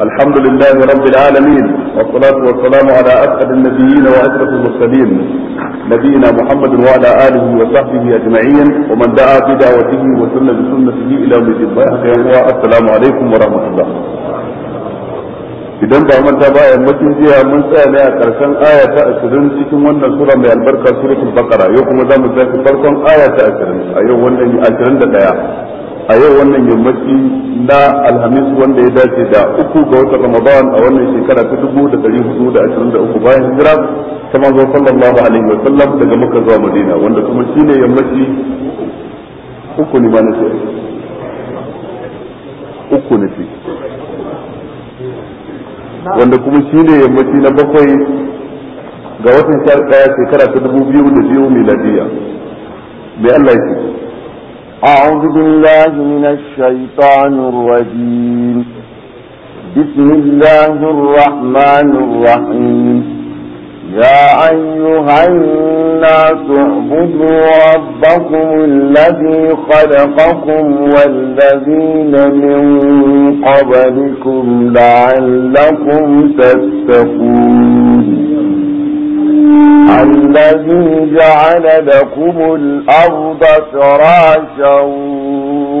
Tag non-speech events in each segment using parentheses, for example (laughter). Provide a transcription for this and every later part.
الحمد لله رب العالمين والصلاة والسلام على أسعد النبيين وأشرف المرسلين نبينا محمد وعلى آله وصحبه أجمعين ومن دعا بدعوته وسن بسنته إلى يوم الدين السلام عليكم ورحمة الله idan ba manta ba yammacin jiya mun tsaya ne a karshen aya ta 20 cikin wannan sura mai albarka suratul baqara yau kuma za mu tafi farkon aya ta 20 a yau wannan 21 a yau wannan yammaci na alhamis wanda ya dace da uku ga wata ramadan a wannan shekara ta dubu da dari hudu da ashirin da uku bayan hijira ta manzo sallallahu alaihi wa sallam daga maka zuwa madina wanda kuma shine yammaci uku ne ba na ce uku na ce wanda kuma shine yammaci na bakwai ga watan sha shekara ta dubu biyu da biyu miladiyya mai Allah ya ce أعوذ بالله من الشيطان الرجيم بسم الله الرحمن الرحيم يا أيها الناس اعبدوا ربكم الذي خلقكم والذين من قبلكم لعلكم تتقون الذي جعل لكم الأرض فراشا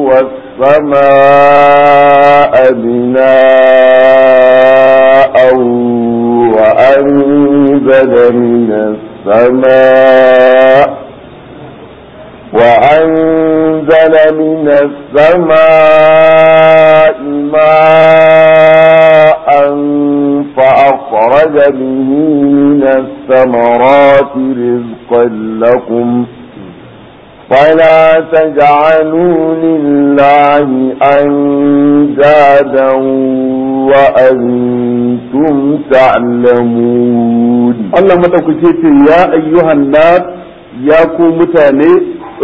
والسماء بناء وأنزل من السماء وأنزل من السماء ماء فأخرج به من السماء الثمرات رزقا لكم فلا تجعلوا لله أندادا وأنتم تعلمون الله متوكسيتي يا أيها الناس يا متاني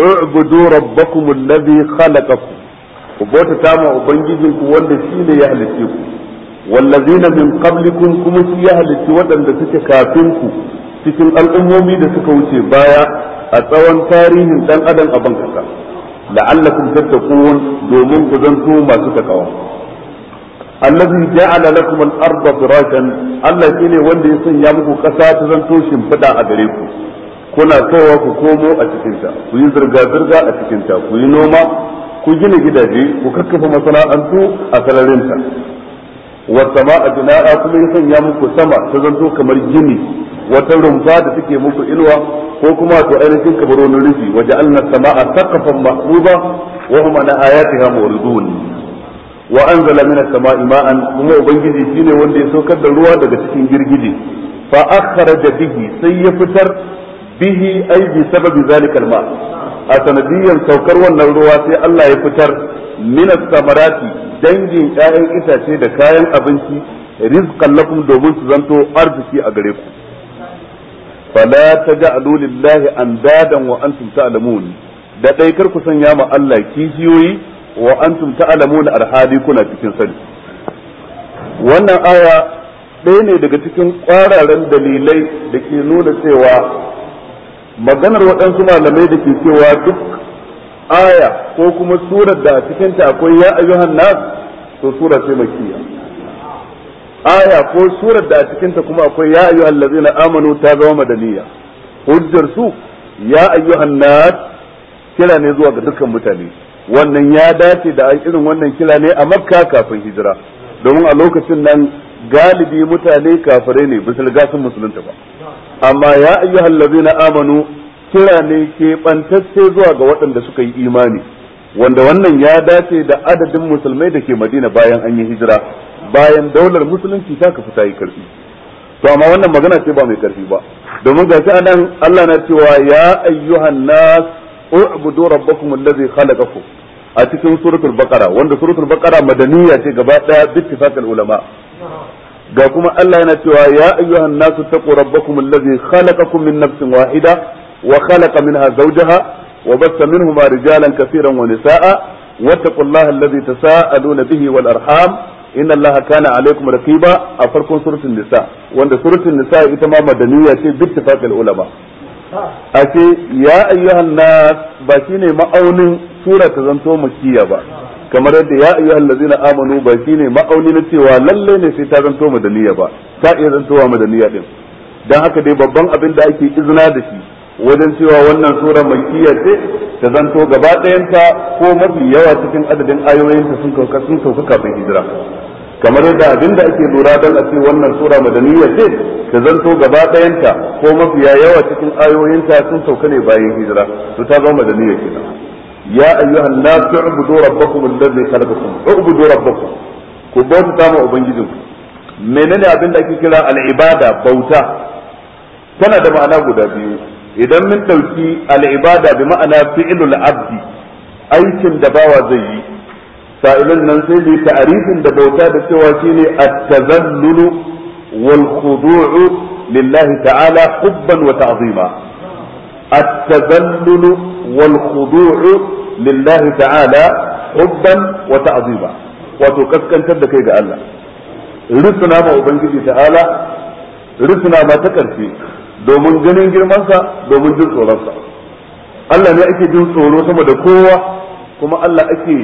اعبدوا ربكم الذي خلقكم وبوتا تاما وبنجيجنكم والذي يهلككم wallazina min qablikum kuma shi ya halitti waɗanda suke kafin ku cikin al'ummomi da suka wuce baya a tsawon tarihin ɗan adam a bankasa la'allakum tattaqun domin ku zanto masu takawa allazi ja'ala lakum al-ardha firashan Allah shine wanda ya sanya muku ƙasa ta zanto shimfida a gare ku kuna kaiwa ku komo a cikin ta ku zirga zirga a cikin ta ku noma ku gina gidaje ku kakkafa masana'antu a sararin ta wa a bina'a kuma ya sanya muku sama ta zanto kamar gini wata rumfa da take muku inuwa ko kuma to ainihin kamar rufi waje sama sama'a saqafan mahbuba wa hum an ayatiha muridun wa anzala min as-sama'i ma'an kuma ubangiji shine wanda ya saukar da ruwa daga cikin girgije fa akhraja bihi sai ya fitar bihi ai bi sababi zalikal ma a sanadiyan saukar wannan ruwa sai Allah ya fitar min samarati dangin 'ya'yan itace da kayan abinci rizqan lakum domin su zanto arziki a gare ku fala taj'alu lillahi andadan wa antum ta'lamun da dai kar ku sanya ma Allah kishiyoyi wa antum ta'lamun arhali kuna cikin sani wannan aya ɗaya ne daga cikin ƙwararren dalilai da ke nuna cewa maganar waɗansu malamai da ke cewa duk aya ko kuma surar da a cikinta akwai ya ayyuhan nas to sura ce makkiya aya ko surar da a cikinta kuma akwai ya ayyuhan lazina amanu ta zama madaniya hujjar su ya ayyuhan nas kira ne zuwa ga dukkan mutane wannan ya dace da irin wannan kira ne a makka kafin hijira domin a lokacin nan galibi mutane kafirai ne ba su riga sun musulunta ba amma ya ayyuhal na amanu kira ne ke bantacce zuwa ga waɗanda suka yi imani wanda wannan ya dace da adadin musulmai da ke Madina bayan an yi hijira bayan daular musulunci ta kafa ta yi karfi to amma wannan magana ce ba mai karfi ba domin ga shi anan Allah na cewa ya ayyuhan nas u'budu rabbakum allazi khalaqakum a cikin suratul baqara wanda suratul baqara madaniya ce gaba daya bittifaqal ulama ga kuma Allah yana cewa ya ayyuhan nasu taqu rabbakum allazi khalaqakum min nafsin wahida wa khalaqa minha zawjaha wa bassa minhuma rijalan kaseeran wa nisaa wa taqullaha allazi tasaaluna bihi wal arham inna allaha kana alaykum raqiba a farkon suratul nisa wanda suratul nisa ita ma madaniya ce bittifaqil ulama a ce ya ayyuhan nas ba shine ma'aunin sura ta zanto makkiya ba kamar yadda ya ayyuhal ladzina amanu ba shine ma'auni na cewa lalle ne sai ta zanto madaniya ba ta iya zantowa madaniya din dan haka dai babban abin da ake izina da shi wajen cewa wannan sura makkiya ce ta zanto gaba ɗayanta ko mafi yawa cikin adadin ayoyinta sun sun sauka kafin hijira kamar yadda abin da ake lura dan a ce wannan sura madaniya ce ta zanto gaba ɗayanta ko mafi yawa cikin ayoyinta sun sauka ne bayan hijira to ta zama madaniya kenan ya ayyuhan nasu ubudu rabbakum allazi khalaqakum ubudu rabbakum ku bauta ma ubangijinku menene abin da ake kira al'ibada bauta tana da ma'ana guda biyu idan mun dauki al'ibada bi ma'ana fi'ilul abdi aikin da bawa zai yi sa'ilin nan sai ne ta'arifin da bauta da cewa shine at-tazallulu wal khudu'u lillahi ta'ala kubban wata azima. التذلل والخضوع لله تعالى حبا وتعظيما da kai ga Allah rusuna ma ubangiji ta'ala rusuna ma ta karfi domin ganin girmansa domin jin tsoronsa Allah ne ake jin tsoro sama da kowa kuma Allah ake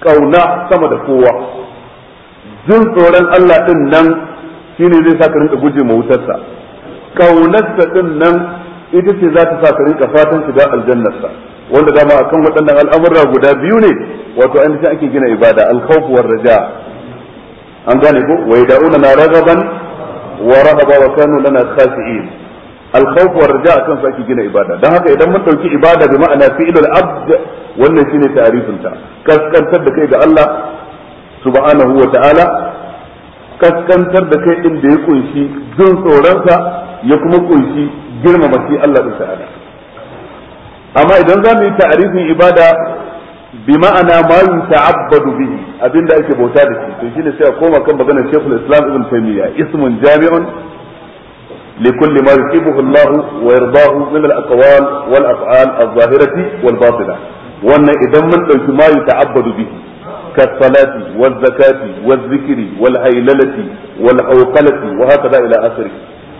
kauna sama da kowa jin tsoron Allah din nan shine zai sa ka rinka guje ma wutarsa kaunarsa din nan ita ce za ta sa ka rinka fatan shiga aljannarsa wanda dama akan waɗannan al'amurra guda biyu ne wato an ake gina ibada al war raja an gane ko wa yad'una na ragaban wa rahaba wa kanu lana khashi'in war raja akan su ake gina ibada dan haka idan mun dauki ibada bi ma'ana fi'lul abd wannan shine ta'rifin ta kaskantar da kai ga Allah subhanahu wa ta'ala kaskantar da kai din da ya kunshi jin tsoronsa ya kuma kunshi girmama shi Allah din ta'ala amma idan za mu yi ta'arifin ibada bi ma'ana mayu yi ta'abbadu bihi abinda ake bauta da shi to shine sai a koma kan magana Sheikhul Islam Ibn Taymiyyah ismun jami'un li kulli ma yusibuhu Allah wa yardahu min al-aqwal wal af'al adh wal batina wannan idan mun dauki ma yi ta'abbadu bihi كالصلاة والزكاة والذكر والهيللة والعوقلة وهكذا ila آخره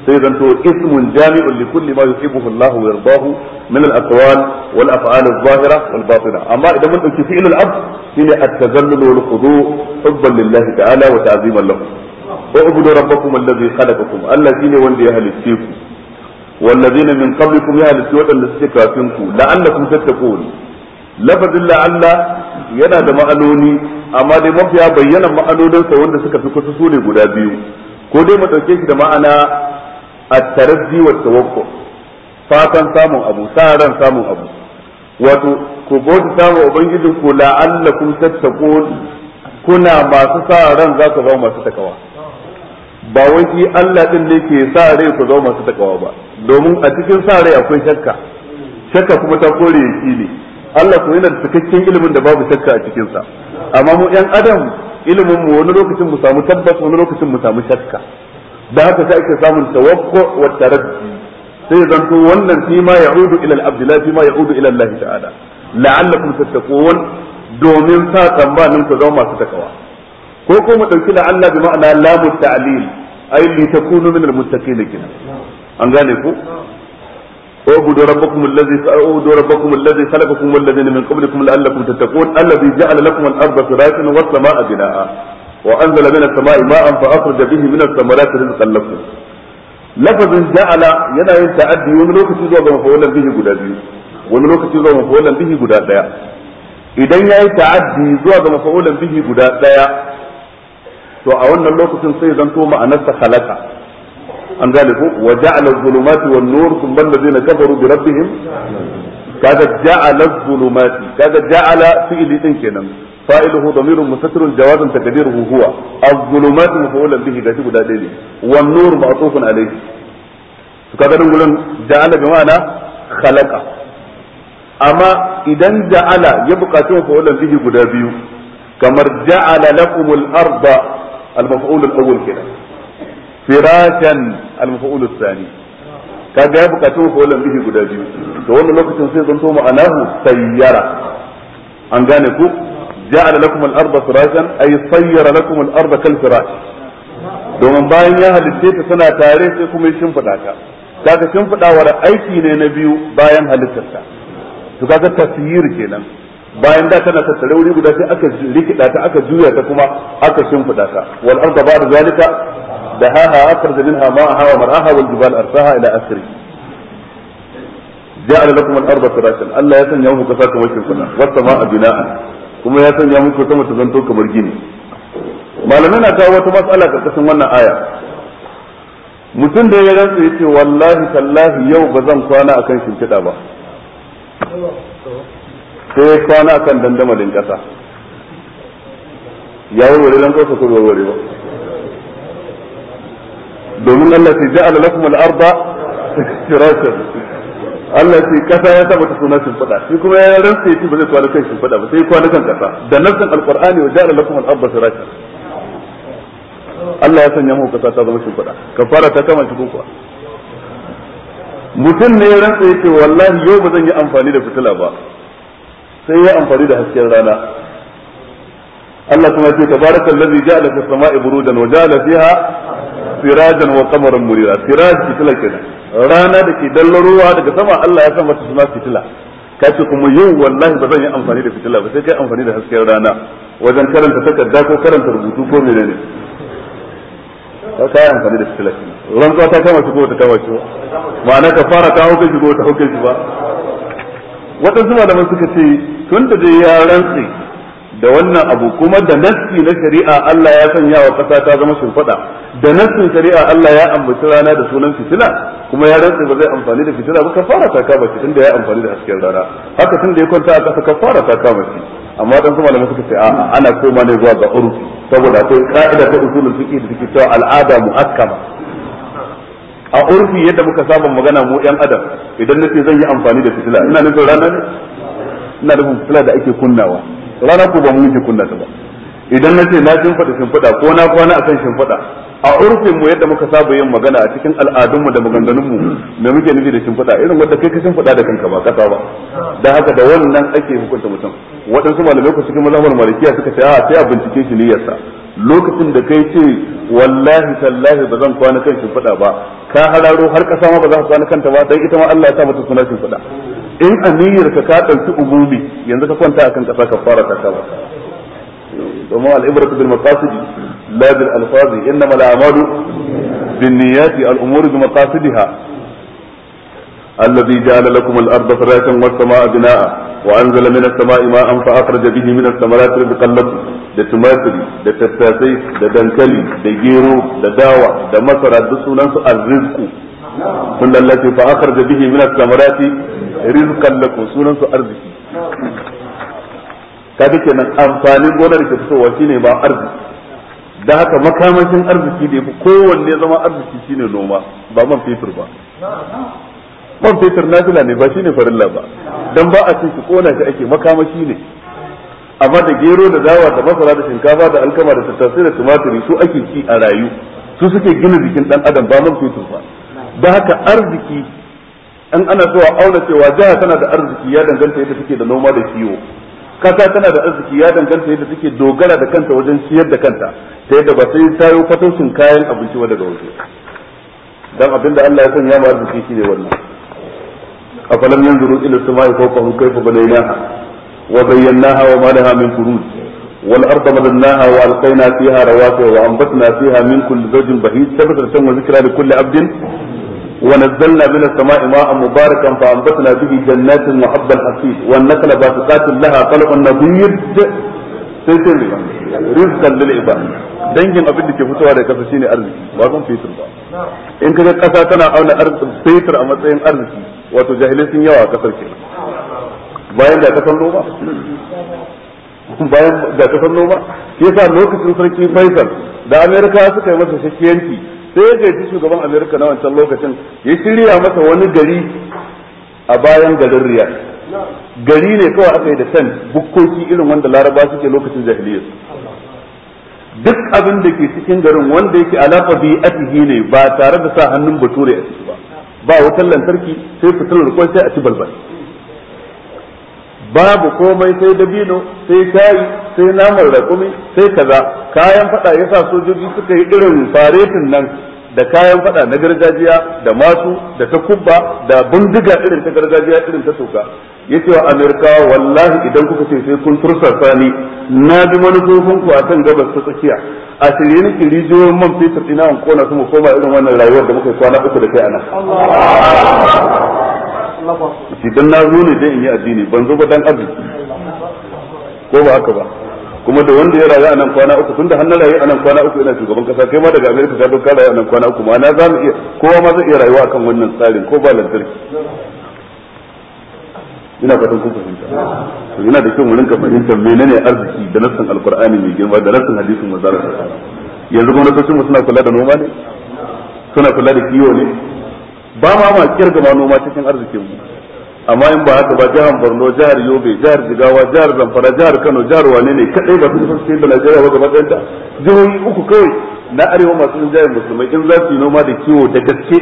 sai zanto ismun jami'un li kulli ma yuhibbuhu Allah wa yardahu min al wal af'al adh-dhahira amma idan mun dauki fi'il ab. abd shine at ta'ala wanda ya ku والذين من قبلكم يا لسي ودن استكافنكم لعلكم تتقون لفظ لعل yana da ma'anoni amma dai mafiya bayyana ma'anoninsa wanda suka fi kusa ne guda biyu ko dai mu ɗauke shi da ma'ana at-tarazzi wa tawakku fatan samun abu sa'aran samun abu wato ku bauta wa ubangiji ku la'allakum tattaqun kuna masu sa ran za ku zama masu takawa ba wai shi Allah din ne ke sa rai ku zama masu takawa ba domin a cikin sa rai akwai shakka shakka kuma ta kore yaki ne Allah ko yana da cikakken ilimin da babu shakka a cikin sa amma mu yan adam ilimin mu wani lokacin mu samu tabbas wani lokacin mu samu shakka da haka sai ake samun tawakku wa taraddi sai zanto wannan fi ma ya'udu ila al-abd la fi ma ya'udu ila Allah ta'ala la'allakum tattaqun domin sa tsammanin ku zama masu takawa ko ko mu dauki la'alla bi ma'ana lamu ta'lil ay li takunu min al-muttaqin kina an gane ko اعبدوا ربكم الذي اعبدوا ربكم الذي خلقكم والذين من قبلكم لعلكم تتقون الذي جعل لكم الارض فراشا والسماء بناء وأنزل من السماء ماء فأخرج به من الثمرات رزقا لكم لفظ جعل yana yin ta'addi wani lokaci zuwa ga mafawalan bihi guda biyu wani lokaci zuwa mafawalan bihi guda idan yayi ta'addi zuwa ga mafawalan bihi guda daya to a wannan lokacin sai zanto ma'anarsa halaka an gane ko wa ja'ala adh-dhulumati wan-nur thumma alladhina kafaru bi rabbihim kaga ja'ala zulumati kaga ja'ala fi'li din kenan fa'iluhu damirun mustatirun jawazan takdiruhu huwa az-zulumatu maf'ulun bihi gashi guda ɗaya ne wan nur ma'tufun alayhi to kaga nan gurin ja'ala bi ma'ana khalaqa amma idan ja'ala ya buƙaci maf'ulun bihi guda biyu kamar ja'ala lakumul arda al-maf'ul al-awwal kenan firashan al-maf'ul ath-thani kaga ya bukatu ko lan bihi guda biyu to wannan lokacin sai zanto ma'anahu sayyara an gane ku ja'ala lakum al-ardha firashan ay sayyara lakum al-ardha kal firash domin bayan ya halitta ta sana tare sai kuma ya shimfida ta kaga shimfidawar aiki ne na biyu bayan halittarta to kaga tasyir kenan bayan da tana tattare wuri guda sai aka rikida ta aka juya ta kuma aka shimfida ta wal da ba'da zalika دهاها أخرج منها ماءها ومرعاها والجبال أرساها إلى آخره جعل لكم الأرض فراشا ألا يسن يوم كساك وشن كنا والسماء بناء كما يسن يوم كسما تزنتو كمرجيني ما لمنا كاوة مسألة كسن ونا آية mutum da ya rantsa yace wallahi tallahi yau ba zan kwana akan shimfiɗa ba sai kwana akan dandamalin ƙasa ya warware don kosa ko warware ba domin Allah sai ja'ala lakum al-arda firashan Allah sai kasa ya tabbata suna shin fada shi kuma ya rantsa shi ba zai kwana kan shin fada ba sai kwana kan kasa da nassan alqur'ani wa ja'ala lakum al-arda firashan Allah ya sanya muku kasa ta zama shin fada kafara ta kama cikin kuwa mutum ne ya rantsa yace wallahi yau ba zan yi amfani da fitila ba sai ya amfani da hasken rana Allah kuma ce tabarakal ladzi ja'ala fis sama'i burujan wa ja'ala fiha sirajan wa qamaran munira siraj fitila kenan rana da ke dallarowa daga sama Allah ya san mata suna fitila kace kuma yau wallahi ba zan yi amfani da fitila ba sai kai amfani da hasken rana wajen karanta takarda ko karanta rubutu ko menene ka kai amfani da fitila rantsuwa ta kama shi ko ta kama shi ma'ana ka fara ka hauke shi ko ta hauke shi ba waɗansu malaman suka ce tun da dai ya da wannan abu kuma da nassi na shari'a Allah ya sanya wa kasa ta zama shimfiɗa da nassin shari'a Allah ya ambaci rana da sunan fitila kuma ya rantsa ba zai amfani da fitila ba kafara ta kama shi tunda ya amfani da hasken rana haka tunda ya kwanta a kasa kafara ta kama shi amma dan kuma da suka ce a'a ana koma ne zuwa ga urfi saboda akwai ka'ida ta usulul fiqh da take cewa al'ada mu'akkama a urfi yadda muka saba magana mu yan adam idan nace zan yi amfani da fitila ina nufin rana ne ina nufin fitila da ake kunnawa rana ko ba mu muke kunna ta ba idan na ce na jin faɗi fada ko na kwana akan fada a urfin mu yadda muka saba yin magana a cikin al'adun mu da maganganun mu me muke nufi da fada irin wanda kai ka fada da kanka ba kasa ba dan haka da wannan ake hukunta mutum waɗansu malamai ku cikin mazhabar malikiya suka ce a sai a bincike shi niyyarsa lokacin da kai ce wallahi sallahi ba zan kwana kan fada ba ka hararo har kasa ma ba za ka kwana kanta ba dan ita ma Allah ya sa mata suna shimfiɗa in aniyar ka ka ugubi umumi yanzu ka kwanta akan kasa ka ta kaba domin al'ibratu bil maqasid la bil alfazi innama al a'malu bin niyyati al umuru bi maqasidiha الذي جعل لكم الأرض فراشا والسماء بناء وأنزل من السماء ماء فأخرج به من الثمرات رزقا لكم da tumatiri da tattasai da dankali da gero da dawa da masara da sunansu rizku sun lallace fa akar da bihi min samarati rizqan lakum sunan su arziki kaga kenan amfanin gonar ke fitowa shine ba arziki da haka makamashin arziki da yafi kowanne zama arziki shine noma ba man fetur ba man fetur nafila ne ba shine farilla ba dan ba a ce ki kona shi ake makamashi ne amma da gero da dawa da masara da shinkafa da alkama da tattasai da tumatiri su ake ci a rayu su suke gina jikin dan adam ba man fitur ba da haka arziki in ana so a auna cewa jiha tana da arziki ya danganta yadda take da noma da kiwo kasa tana da arziki ya danganta yadda take dogara da kanta wajen ciyar da kanta ta yadda ba sai tayo fatoshin kayan abinci ga waje don abin da Allah ya sanya ma arziki shi ne wannan a falon afalam yanzuru ila samai fawqahum kayfa banaynaha wa bayyanaha wa ma laha min furuj wal arda madannaha wa alqayna fiha rawasiya wa anbatna fiha min kulli zawjin bahij tabatan wa zikra li kulli abdin ونزلنا من السماء ماء مباركا فأنبتنا به جنات وحب الحصيد والنخل باسقات لها طلع نضيد سيسير رزقا للعباد dangin abin da ke fitowa daga kasa shine arziki ba zan fetur ba in kaga kasa tana auna fetur a matsayin arziki wato jahilai sun yawa a kasar ke bayan da kasan noma bayan da kasan noma Ke yasa lokacin sarki Faisal da Amerika suka yi masa shakiyanci sai ya gaji shugaban amerika na wancan lokacin ya shirya masa wani gari a bayan garin riyad gari ne kawai aka yi da san bukkoki irin wanda laraba suke lokacin jahiliyyar duk abin da ke cikin garin wanda yake alaƙa bi atihi ne ba tare da sa hannun bature a ciki ba ba wutar lantarki sai fitilar da sai a ci balbal babu komai sai dabino sai shayi sai naman rakumi sai kaza kayan fada yasa sojoji suka yi irin faretin nan da kayan fada na gargajiya da masu da ta kubba da bindiga irin ta gargajiya irin ta soka yace wa amerika wallahi idan kuka ce sai kun tursa sani na bi manufofin ku a kan gabas ta tsakiya a shirye ni rijiyoyin man fetur ina an kona su mu koma irin wannan rayuwar da muka kwana uku da kai anan arziki dan na zo ne dai in yi addini ban zo ba dan arziki ko ba haka ba kuma da wanda ya rayu a nan kwana uku tunda har na rayu a nan kwana uku ina shugaban kasa kai ma daga Amerika ka zo ka rayu a nan kwana uku ma na za mu iya kowa ma zai iya rayuwa akan wannan tsarin ko ba lantarki ina fatan kun fahimta to yana da kyau mu rinka fahimtar menene arziki da nassan alqur'ani mai girma da nassan hadisin manzon Allah yanzu gwamnatocin mu suna kula da noma ne suna kula da kiwo ne ba ma ma kirga ma noma cikin arzikin mu amma in ba haka ba jihar Borno jihar Yobe jihar Jigawa jihar Zamfara jihar Kano jihar wane ne kadai ba su san da Najeriya ba gaba jihohi uku kawai na arewa masu rinjayen musulmai in za su yi noma da kiwo da gaske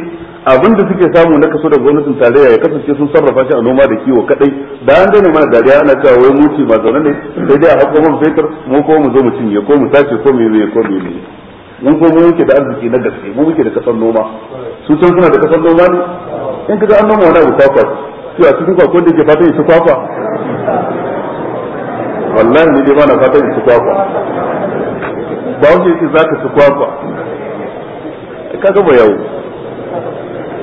abin da suke samu na kaso da gwamnatin tarayya ya kasance sun sarrafa shi a noma da kiwo kadai da an gane mana dariya ana cewa wai muci ba zaune ne sai dai a hako man fetur mu ko mu zo mu cinye ko mu tace ko mu yi ko mu yi mun ko mu yake da arziki na gaske mu muke da kasar noma su can suna da kasar noma ne in ga an noma wani abu kwakwa cewa a cikin kwakwan da ke fatan ya ci kwakwa wallahi ne dai ba na fatan ya ci kwakwa ba wani yake za ka ci kwakwa ka gaba yau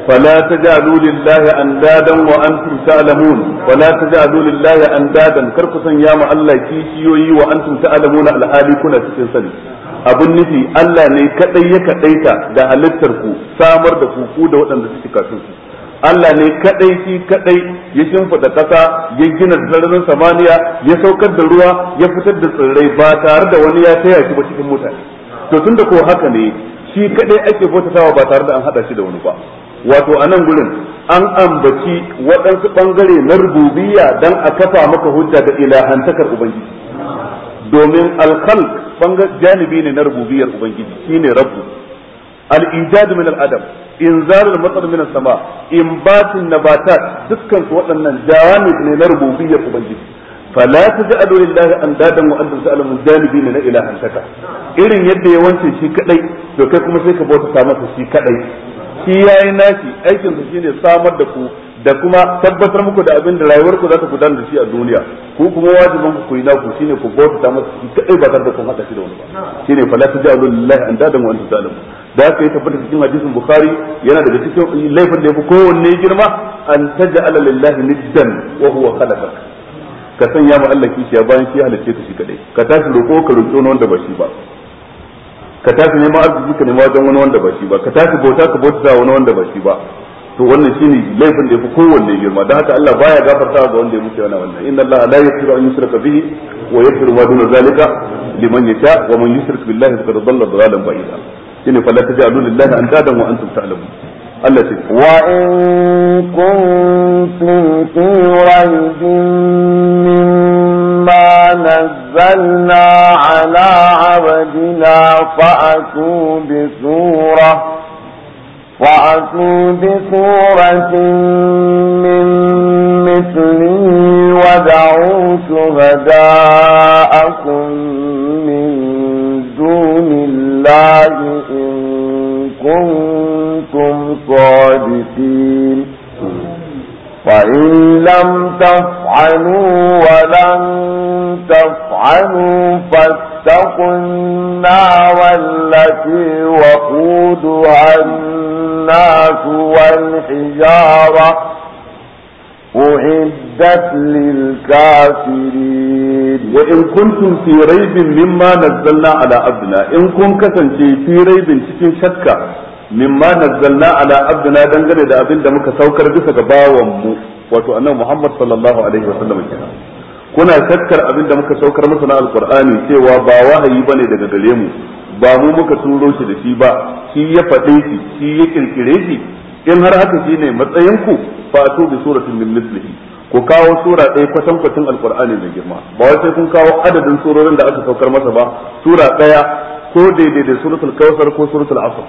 فلا تجعلوا لله اندادا وانتم تعلمون ولا تجعلوا لله اندادا كركو سنيا ما الله كيشيوي وانتم تعلمون al'adu كنا cikin sani Abun nufi Allah ne kadai ya kadaita da halittar ku samar da ku da waɗanda suke kasu. Allah ne kadai shi kadai ya shimfida kasa ya gina sararin samaniya ya saukar da ruwa ya fitar da tsirrai ba tare da wani ya taya shi ba cikin mutane to tunda ko haka ne shi kadai ake bautatawa ba tare da an hada shi da wani ba wato a nan gurin an ambaci waɗansu bangare na rububiyya dan a kafa maka hujja da ilahantakar ubangiji domin alkhalq janibi ne na rububiyyar ubangiji shine rabbu al-ijad min al-adam In zarar matsar minan sama in na nabatat dukkan su waɗannan janib ne na rububiyyar ubangiji fala taj'alu lillahi andadan wa antum ta'lamun ne na ilahan taka irin yadda ya wance shi kadai to kai kuma sai ka bauta masa shi kadai shi yayi nashi aikin sa shine samar da ku da kuma tabbatar muku da abin da rayuwar ku za ta gudanar da shi a duniya ku kuma wajibin ku ku yi naku shine ku bauta masa shi kadai ba tare da kun hada shi da wani ba shine fala taj'alu lillahi andadan wa antum ta'lamun da aka yi tabbata cikin hadisin bukhari yana daga cikin laifin da yafi kowanne girma an taj'ala lillahi niddan wa huwa khalaqak ka sanya ma Allah kishiya bayan shi halicce ka shi kadai ka tashi roƙo ka roƙo wani wanda ba shi ba ka tashi neman arziki ka nema wajen wani wanda ba shi ba ka tashi bauta ka bauta wani wanda ba shi ba to wannan shine laifin da yafi kowanne girma da haka Allah baya gafarta ga wanda ya mutu yana wannan inna Allah la yaghfiru an yushraka bihi wa yaghfiru ma duna zalika liman yasha wa man yushrik billahi faqad dhalla dhalalan ba'ida shine fa la taj'alu lillahi andadan wa antum ta'lamun Allah ce wa in kuntum fi raybin mimma nazzalna ala 'abdina fa'tu bi surah فأتوا بسورة من مثله ودعوا شهداءكم من إن كنتم صادقين فإن لم تفعلوا ولن تفعلوا فاتقوا النار التي وقودها الناس والحجارة أعد أعدت للكافرين وإن كنتم في ريب مما نزلنا على عبدنا إن كنتم في ريب cikin shakka mimma nazzalna ala abdina dangane da abin da muka saukar bisa ga mu wato annabi Muhammad sallallahu alaihi wa sallam kuna shakkar abin da muka saukar masa na alqur'ani cewa ba wahayi bane daga gare mu ba mu muka turo shi da shi ba shi ya faɗe shi shi ya kirkire shi in har haka shine matsayin ku fa to bi suratin min mislihi ku kawo sura ɗaya kwatan kwatan alkur'ani mai girma ba wai sai kun kawo adadin surorin da aka saukar masa ba sura ɗaya ko daidai da suratul kausar ko suratul asr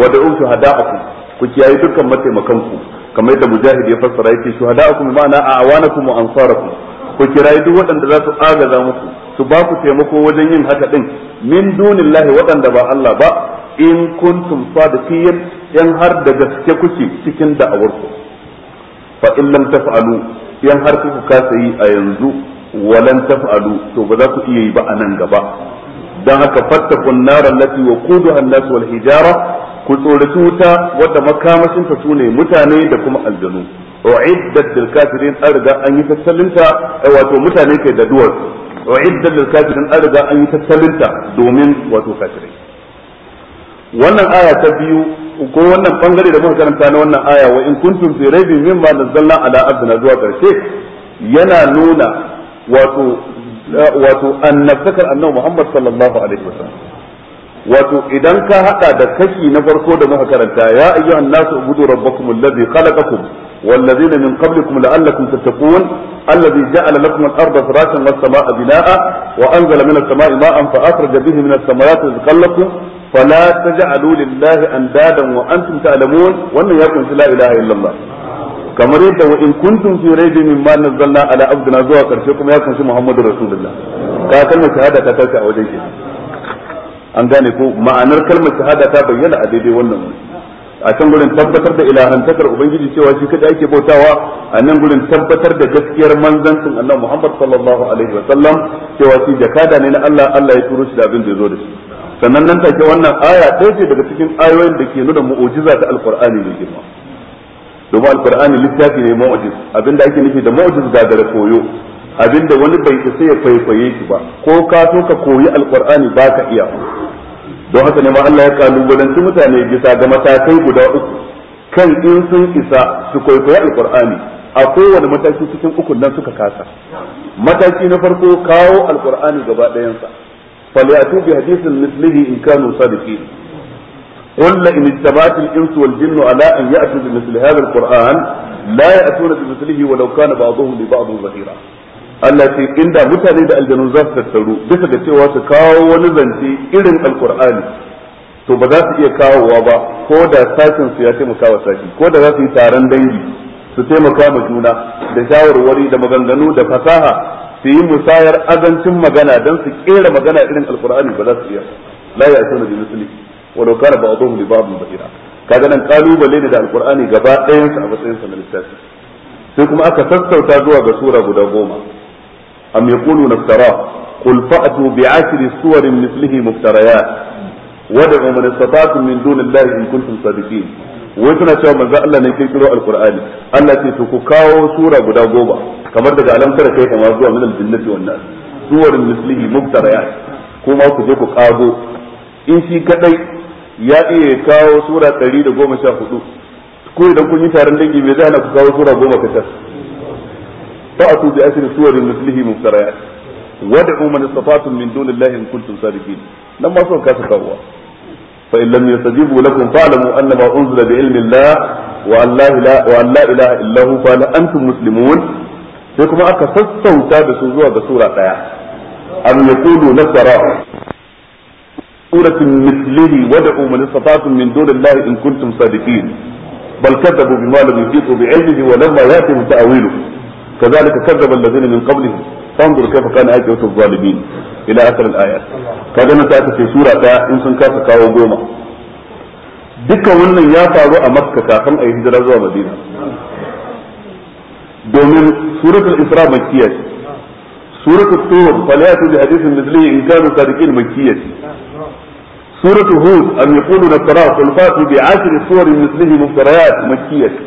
wa da'u shuhada'akum ku kiyaye dukkan mataimakan ku kamar yadda mujahid ya fassara yake shuhada'akum ma'ana a'wanakum wa ansarakum ku Ku kirayi duk waɗanda za su agaza muku su ba ku taimako wajen yin haka din min dunillahi waɗanda ba Allah ba in kuntum sadiqin 'yan har da gaske kuke cikin da'awarku fa in lam taf'alu in har kuka kasa yi a yanzu walan taf'alu to ba za ku iya yi ba a nan gaba dan haka fattakun nar allati waquduha an-nas wal hijara ku tsoraci wuta wadda makamashin ta sune mutane da kuma aljanu uiddat lil kafirin an riga an yi tattalinta wato mutane kai da duwar uiddat lil kafirin an riga an yi tattalinta domin wato kafirai wannan aya ta biyu ko wannan bangare da muka karanta na wannan aya wa in kuntum fi raibin mimma nazzalna ala abdina zuwa karshe yana nuna wato wato annabtakar annabi Muhammad sallallahu alaihi wasallam wato idan ka hada da kashi na farko da muka karanta ya ayyuhan nasu ubudu rabbakum alladhi khalaqakum والذين من قبلكم لعلكم تتقون الذي جعل لكم الارض فراشا والسماء بناء وانزل من السماء ماء فاخرج به من الثمرات رزقا لكم فلا تجعلوا لله اندادا وانتم تعلمون wannan ya kunshi la ilaha illallah kamar yadda wa in kuntum fi raibin mimma nazzalna ala abdina zuwa karshe kuma ya kunshi muhammadu rasulullah ka kalmar shahada ta tashi a wajen ki an gane ko ma'anar kalmar shahada ta bayyana a daidai wannan a can gurin tabbatar da ilahantakar ubangiji cewa shi kada ake bautawa a nan gurin tabbatar da gaskiyar manzancin Allah Muhammad sallallahu alaihi wa sallam cewa shi jakada ne na Allah Allah ya turo shi da abin da ya zo da shi sannan nan take wannan aya ɗaya ce daga cikin ayoyin da ke nuna mu'ujiza ta alkur'ani mai girma domin alkur'ani littafi ne mu'ujiz abinda ake nufi da mu'ujiz ga gare koyo abinda wani bai isa ya kwaikwaye shi ba ko ka so ka koyi alkur'ani ba ka iya don haka ne ma Allah ya kalubalanci mutane bisa ga matakai guda uku kan in sun isa su kwaikwayi alkur'ani a kowane mataki cikin ukun nan suka kasa mataki na farko kawo alkur'ani gaba ɗayansa falyatu bi hadithin mislihi in kanu sadiqin قل إن اجتمعت الإنس والجن على أن يأتوا بمثل هذا القرآن لا يأتون بمثله ولو كان بعضهم لبعض ظهيرا التي إن دا متاني دا الجنون ذات تترو بس قتوا سكاو ونزنتي إرن القرآن to ba za su iya kawowa ba ko da sakin su ya taimaka wa saki ko da za su yi taron dangi su taimaka wa juna da shawarwari da maganganu da fasaha su yi musayar azancin magana dan su kera magana irin alqur'ani ba za su iya la ya'tuna bi misli walau kana ba'dhum li ba'd bahira kaga nan kalubale ne da alkur'ani gaba ɗayan sa a matsayin sa na littafi sai kuma aka sassauta zuwa ga sura guda goma am yaquluna iftara qul fa'tu bi ashri suwarin mislihi muftariyat wad'u man istata'tum min dunillahi in kuntum sadiqin wai suna cewa manzo Allah ne kirkiro alqur'ani Allah ce to ku kawo sura guda goma kamar daga alam kai kama zuwa min al-jinnati wan nas suwarun mislihi mubtariyat kuma ku je ku kago in shi kadai ya iya kawo sura 114 ko idan kun yi taron dangi me zai ku kawo sura 10 kacar fa'atu bi asri suwarin mislihi mubtariyat wad'u man istata'tum min dunillahi in kuntum sadiqin nan ma suka kasa kawo فإن لم يستجيبوا لكم فاعلموا أن أنزل بعلم الله وأن لا إله إلا هو فهل أنتم مسلمون sai kuma aka sassauta da su zuwa ga sura daya am yaqulu nasara suratin mislihi wad'u man istata'tum min dunillahi in kuntum sadiqin بل كذبوا بما لم يحيطوا بعلمه ولما ياتهم تاويله كذلك كذب الذين من قبلهم فانظر كيف كان عاقبه الظالمين الى اخر الايات kaga na ta ce sura daya in sun kasa kawo goma duka wannan ya faru a makka kafin a yi hijira zuwa madina domin suratul isra makkiya ce suratul tur falatu bi hadithin mithlihi in kanu sadiqin makkiya ce suratul hud am yaquluna tara qul fatu bi ashr suwar mithlihi muftariyat makkiya ce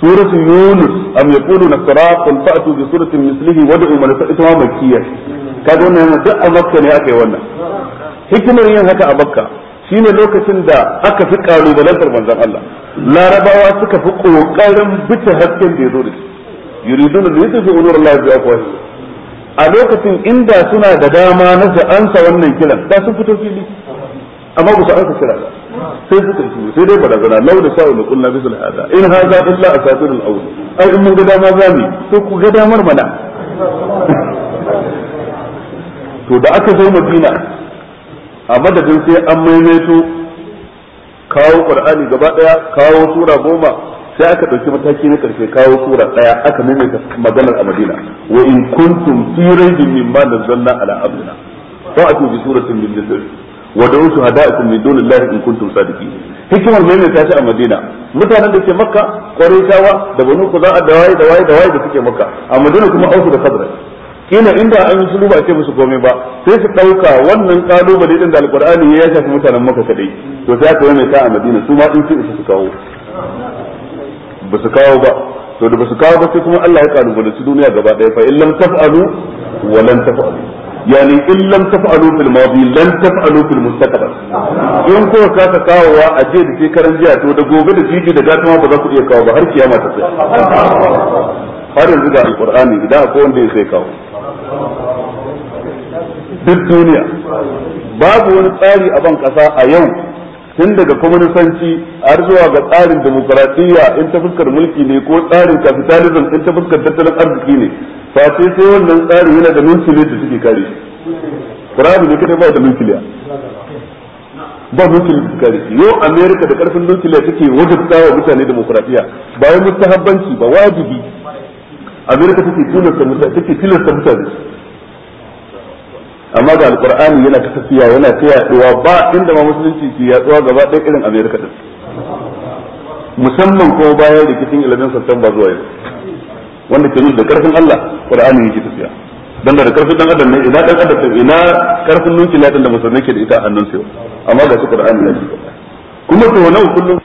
suratul yunus am yaquluna tara qul fatu bi suratin mithlihi wad'u man sa'atuha makkiya ce kaga wannan duk a makka ne aka yi wannan hikimar yin haka a makka shine lokacin da aka fi kalubalantar manzon Allah larabawa suka fi kokarin bice hasken da yazo da shi yuriduna ya tafi nur lafi a afwahi a lokacin inda suna da dama na su ansa wannan kiran da sun fito fili amma ba su ansa kira ba sai suka yi sai dai zana lau da sa'u qulna bisul hada in hadha illa asatir al awwal ai in mun ga dama ne. to ku ga damar mana (laughs) to da aka zo Madina a madadin sai an maimaito kawo qur'ani gaba daya kawo sura goma sai aka dauki mataki na karshe kawo sura daya aka maimaita maganar a madina wa in kuntum fi raibin mimma nazzalna ala abdina fa'atu bi suratin min mithl wa da'u shuhada'akum min dunillahi in kuntum sadiqin hikimar maimaita shi a madina mutanen da ke makka tawa da banu ku za a da waye da waye da suke makka a madina kuma ausu da khazraj kina inda an yi sulu ba ce musu komai ba sai su dauka wannan kalubale din da alqur'ani ya shafi mutanen maka kadai to sai aka yi ta a madina su ma din su su kawo ba su kawo ba to da ba su kawo ba sai kuma Allah ya kalubale su duniya gaba daya fa illam taf'alu wa lan taf'alu yani in taf'alu fil madi lan taf'alu fil mustaqbal in ko ka ta kawowa a je da shekaran jiya to da gobe da jiji da ma ba za ku iya kawo ba har kiyama ta sai har yanzu da alqur'ani idan akwai wanda ya sai kawo duk duniya babu wani tsari a ban kasa a yau tun daga kwamanisanci har zuwa ga tsarin demokuraɗiyya in ta fuskar mulki ne ko tsarin capitalism in ta fuskar tattalin arziki ne face sai wannan tsarin yana da nukiliyar da suke kare kurani ne kadai ba da nukiliya ba nukiliya da kare yau america da karfin nukiliya take wajen wa mutane demokuraɗiyya ba wai mustahabbanci ba wajibi amerika take tilasta mutane take tilasta mutane amma ga alqur'ani yana ta tafiya yana ta yaduwa ba inda ma musulunci ke yaduwa gaba ɗaya irin amerika din musamman kuma bayan rikicin sassan ba zuwa yau wanda ke nuna da karfin Allah qur'ani yake tafiya dan da karfin dan adam ne ina dan adam ne ina karfin nunki ladan da musulmai ke da ita a hannun sa amma ga su qur'ani yake kuma to wannan kullum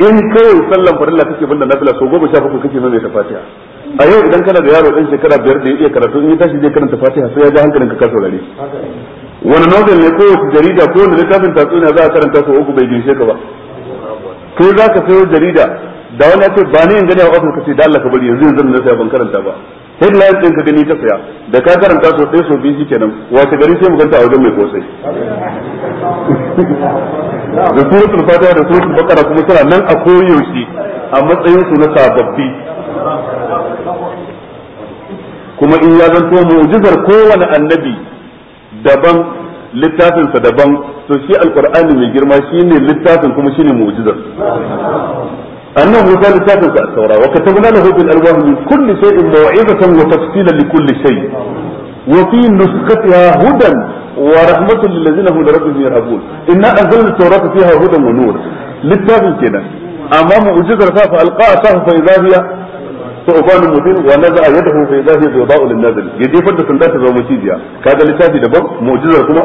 in kawai sallan farilla kake banda nafila so goma sha bakwai kake mai ta fatiha a yau idan kana da yaro dan shekara biyar da ya iya karatu in ya tashi zai karanta fatiha sai ya ja hankalin ka kasa gare wani nodin ne ko wata jarida ko wani littafin tatsuniya za a karanta ko uku bai ginshe ka ba Ko za ka sayo jarida da wani ya ce ba ni in gani a ofis ka ce da Allah ka bari yanzu yanzu na sai ban karanta ba headline din ka gani ta saya da ka karanta so ɗaya so biyu shikenan wace gari sai mu ganta a wajen mai kosai da suratul fatiha da suratul baqara kuma suna nan a koyaushe a matsayin su na sababbi kuma in ya zanto mu'jizar kowane annabi daban littafinsa daban to shi alqur'ani mai girma shine littafin kuma shine mu'jizar أنه قال لسان التوراة وكتبنا له بالألوان من كل شيء موعظة وتفصيلا لكل شيء وفي نسختها هدى ورحمة للذين هم لربهم يرهبون إنا أنزلنا التوراة فيها هدى ونور للتابع كده أمام أجزر فألقى أساه فإذا هي ثعبان مبين ونزع يده فإذا هي بيضاء للنازل يدي فد سندات زو كذا لساتي دبر معجزة كما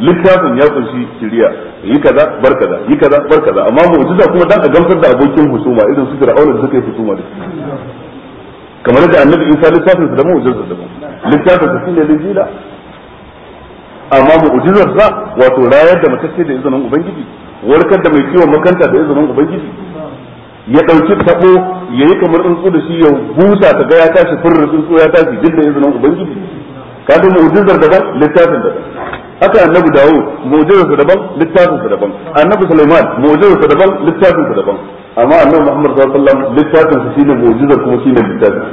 littafin ya kunshi shiriya yi kaza bar kaza yi kaza bar kaza amma mu'jiza kuma dan a gamsar da abokin husuma irin su fir'auna da suka yi husuma da kamar da annabi Isa littafin sa da mu'jizar da littafin sa shine lijila amma da sa wato rayar da matacce da izinin ubangiji warkar da mai ciwon makanta da izinin ubangiji ya dauki tabo yayi kamar tsuntsu da shi ya busa ta ga ya tashi furrin tsuntsu ya tashi da izinin ubangiji ka da mu'jizar daban littafin daban haka annabi dawo mu'jizarsa daban littafinsa daban annabi sulaiman mu'jizarsa daban littafinsa daban amma annabi muhammad sallallahu alaihi wasallam littafinsa shine mu'jizar kuma shine littafin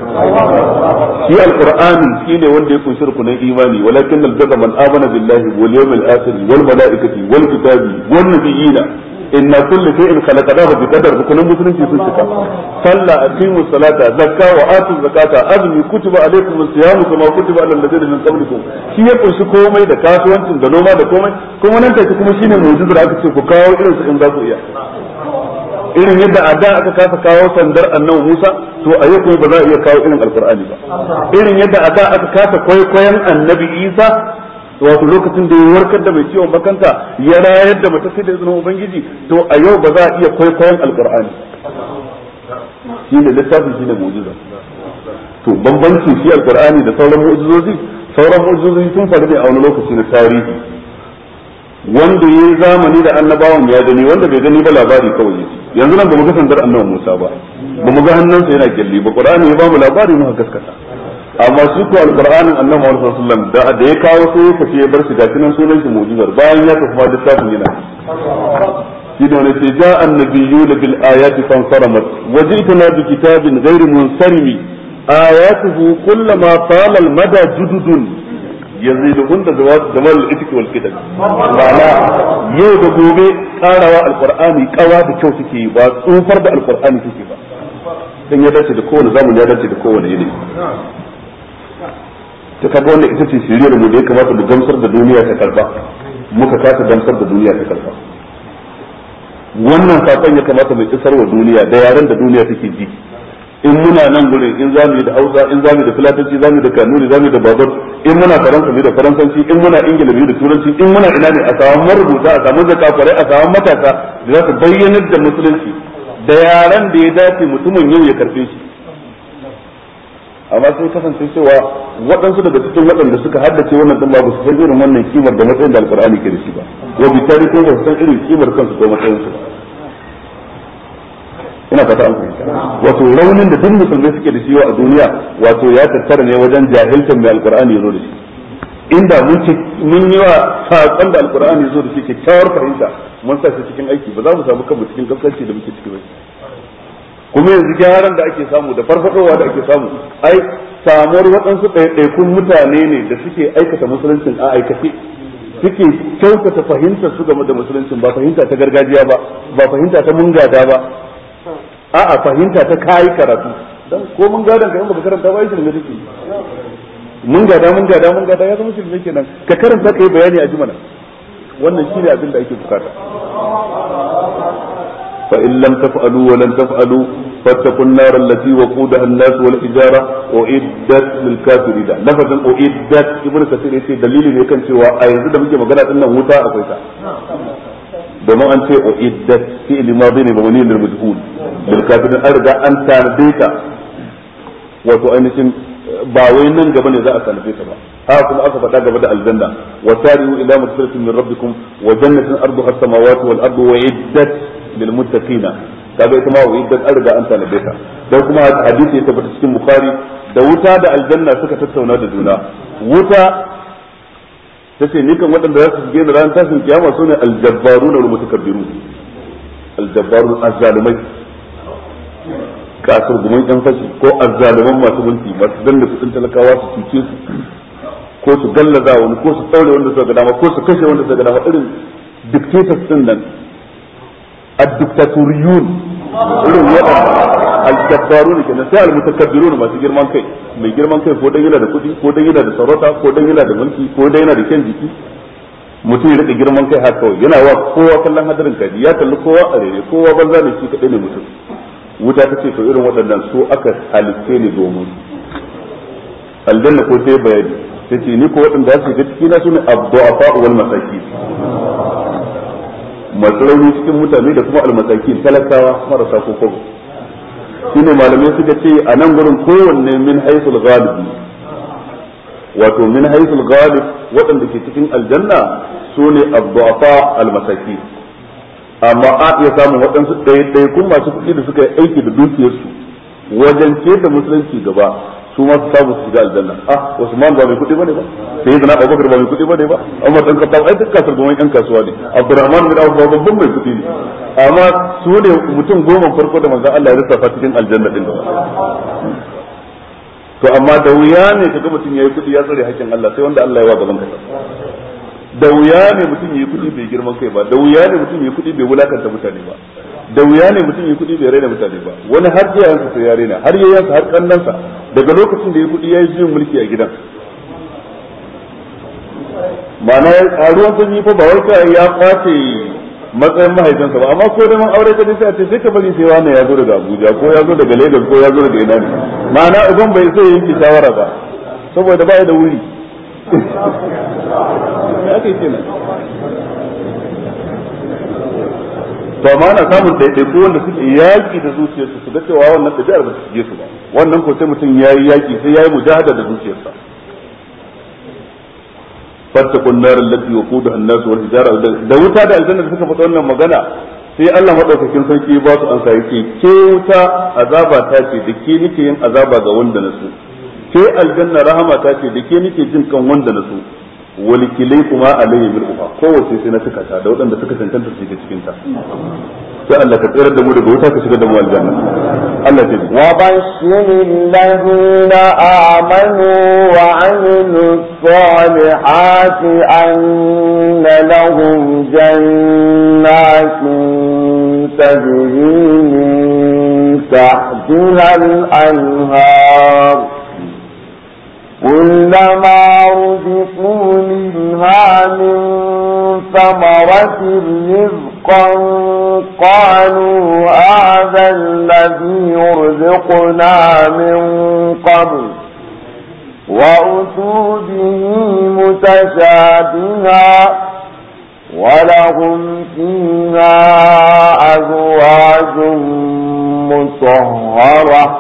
shi alqur'ani shine wanda ya kunshi rukunin imani walakin al-jazm man amana billahi wal yawmil akhir wal malaikati wal kitabi wan nabiyina inna kulli shay'in khalaqnahu bi qadar rukunin musulunci sun cika Sallah, aqimu salata zakka wa atu zakata azmi kutiba alaykum as-siyam kama kutiba alal ladina min qablikum shi ya kunshi komai da kasuwancin da noma da komai kuma nan take kuma shine mu'jizar aka ce ku kawo irin su in za ku iya irin yadda a da aka kasa kawo sandar annabi Musa to a yau ba za a iya kawo irin alkur'ani ba irin yadda a da aka kasa kwaikwayon annabi Isa wato lokacin da ya warkar da mai ciwon bakanta ya rayar da mata sai da izinin ubangiji to a yau ba za a iya kwaikwayon alkur'ani shi ne littafin shi ne mu'jiza to bambancin shi alkur'ani da sauran mu'jizozi sauran mu'jizozi sun faru ne a wani lokaci na tarihi wanda ya yi zamani da annabawan ya gani wanda bai gani ba labari kawai yanzu nan ba mu ga sandar annabi Musa ba ba mu ga hannunsa yana kyalli ba Qur'ani ya ba mu labari mu gaskata amma su ko alqur'anin annabi Muhammad sallallahu alaihi wasallam da ya kawo sai ka ce bar shi ga kinan sunan shi mu'jizar bayan ya tafi da littafin yana shi da wani ce ja annabiyuna bil ayati fansaramat wajitna bi kitabin ghairi munsarimi ayatuhu kullama tala al mada jududun yazidun da zamal al-itq wal kitab ma'ana yau da gobe karawa alqur'ani kawa da kyau suke ba tsufar da alqur'ani suke ba dan ya dace da kowane zamani ya dace da kowane yanayi ta kaga wanda ita ce da mu da ya kamata mu gamsar da duniya ta karba muka kasa gamsar da duniya ta karba wannan sakon ya kamata mu isar wa duniya da yaran da duniya take ji in muna nan gurin in za yi da Hausa in za yi da Filatanci za yi da Kanuri za yi da Babur in muna Faransa mu da Faransanci in muna Ingila mu da Turanci in muna ina ne a samu marubuta a samu zakafarai a samu matasa da za su bayyanar da musulunci da yaran da ya dace mutumin yau ya karfe shi amma sun kasance cewa waɗansu daga cikin waɗanda suka haddace wannan din ba su san irin wannan kimar da matsayin da alqur'ani ke da shi ba wa bitari ko ba su san irin kimar kansu ko matsayin su ina fata an fahimta wato raunin da duk musulmai suke da shi a duniya wato ya tattara ne wajen jahiltar mai al'ƙur'ani ya zo da shi inda mun yi wa saƙon da ya zo da shi kyakkyawar fahimta mun sa shi cikin aiki ba za mu samu kanmu cikin gaskance da muke ciki ba kuma yanzu gyaran da ake samu da farfadowa da ake samu ai samuwar waɗansu ɗaiɗaikun mutane ne da suke aikata musuluncin a aikace suke kyautata fahimtar su game da musuluncin ba fahimta ta gargajiya ba ba fahimta ta mungada ba a'a fahimta ta kayi karatu dan ko mun gada ka in karanta ba shi ne take mun gada mun gada mun gada ya zama shi ne kenan ka karanta kai bayani a jumana wannan shine abin da ake bukata fa in lam taf'alu wa lam taf'alu فاتقوا النار التي وقودها الناس والحجارة أعدت للكافرين لفظ أعدت ابن كثير يسي دليل يمكن سوى أيضا دم يجب أن أنه متاع فيسا دم أن سي أعدت في الماضين بغنين للمجهول للكافرين أرجع أن تانديك وتو أين سن باوين من جبن إذا أتانديك ها كما أصف أتاك بدأ الجنة وتاريو إلى مدفرة من ربكم وجنة أرضها السماوات والأرض وعدت للمتقين kaga ita ma wa iddat arga an tanabe ta dan kuma hadisi ya tabbata cikin bukhari da wuta da aljanna suka tattauna da juna wuta tace ni kan waɗanda za su je da ran tashin kiyama sune aljabbarun wal mutakabbirun aljabbarun azzalimai kasar gumin dan fashi ko azzaliman masu mulki masu danna kudin talakawa su cuce su ko su gallaza wani ko su tsaure wanda suka ga dama ko su kashe wanda suka ga dama irin dictators din nan adduktaturiyun irin waɗanda aljabbaru ne kenan sai almutakabbiru ne masu girman kai mai girman kai ko dan yana da kuɗi ko dan yana da sarauta ko dan yana da mulki ko dan yana da kyan jiki mutum ya rika girman kai har kawai yana wa kowa kallon hadarin kaji ya kalli kowa a rere kowa banza ne shi kaɗai ne mutum wuta ta ce to irin waɗannan su aka halitta ne domin aljanna ko sai bayani ta ce ni ko waɗanda za su shiga ciki na su ne abdu'afa wal masaki masu rauni cikin mutane da kuma almasaki talakawa marasa ko kobo shine malamai suka ce a nan gurin kowanne min haisul ghalibi wato min haisul galib waɗanda ke cikin aljanna su ne abdu'afa almasaki amma a iya samun waɗansu ɗaiɗaikun masu kuɗi da suka yi aiki da dukiyarsu wajen ke da musulunci gaba su ma su samu su shiga aljanna ah Usman ba mai kuɗi bane ba sai da Bakar ba mai kuɗi bane ba Umar dan Khattab ai duk kasar gwamnati yan kasuwa ne Abdurrahman bin Auf babban mai kuɗi ne amma su ne mutum goma farko da manzon Allah ya lissafa cikin aljanna din to amma da wuya ne kaga mutum yayi kuɗi ya tsare hakkin Allah sai wanda Allah ya wa gaban kasa da wuya ne mutum yayi kuɗi bai girman kai ba da wuya ne mutum yayi kuɗi bai wulakanta mutane ba da wuya ne mutum yayi kuɗi bai raina mutane ba wani har iyayensa sai ya raina har yayansa har kannansa daga lokacin da ya kudi ya yi juyin mulki a gidan ma'ana a ruwan sanyi fa ba wai ya kwace matsayin mahaifinsa ba amma ko da man aure ka sai a ce sai ka bari sai wani ya zo daga Abuja ko ya zo daga Lagos ko ya zo daga ina ne ma'ana uban bai sai yanke shawara ba saboda ba ya da wuri (laughs) ya kai kenan ba ma ana samun ɗaiɗaiku wanda suke yaƙi da zuciyarsu su ga cewa wannan ɗabi'ar ba su ba wannan ko sai mutum ya yi yaƙi sai ya yi mujahada da zuciyarsa fattakun nar allati wa kudu nas wal hijara da wuta da aljanna da suka fata wannan magana sai Allah madaukakin sarki ba su ansa yake ke wuta azaba ta ce da ke nike yin azaba ga wanda na su ke aljanna rahama ta ce da ke nike jin kan wanda na su. walikilai kuma a alayhi bil ufa kowace sai na tuka ta da waɗanda suka tantance su cikin ta sai Allah ka tsira da mu daga wuta ka shigar da mu aljanna Allah ta yi wa bashiril ladina amanu wa amilus salihati anna lahum jannatin tajri min al-anhar كلما رزقوا منها من ثمرة رزقا قالوا هذا الذي رزقنا من قبل وأسوده متشابها ولهم فيها أزواج مطهرة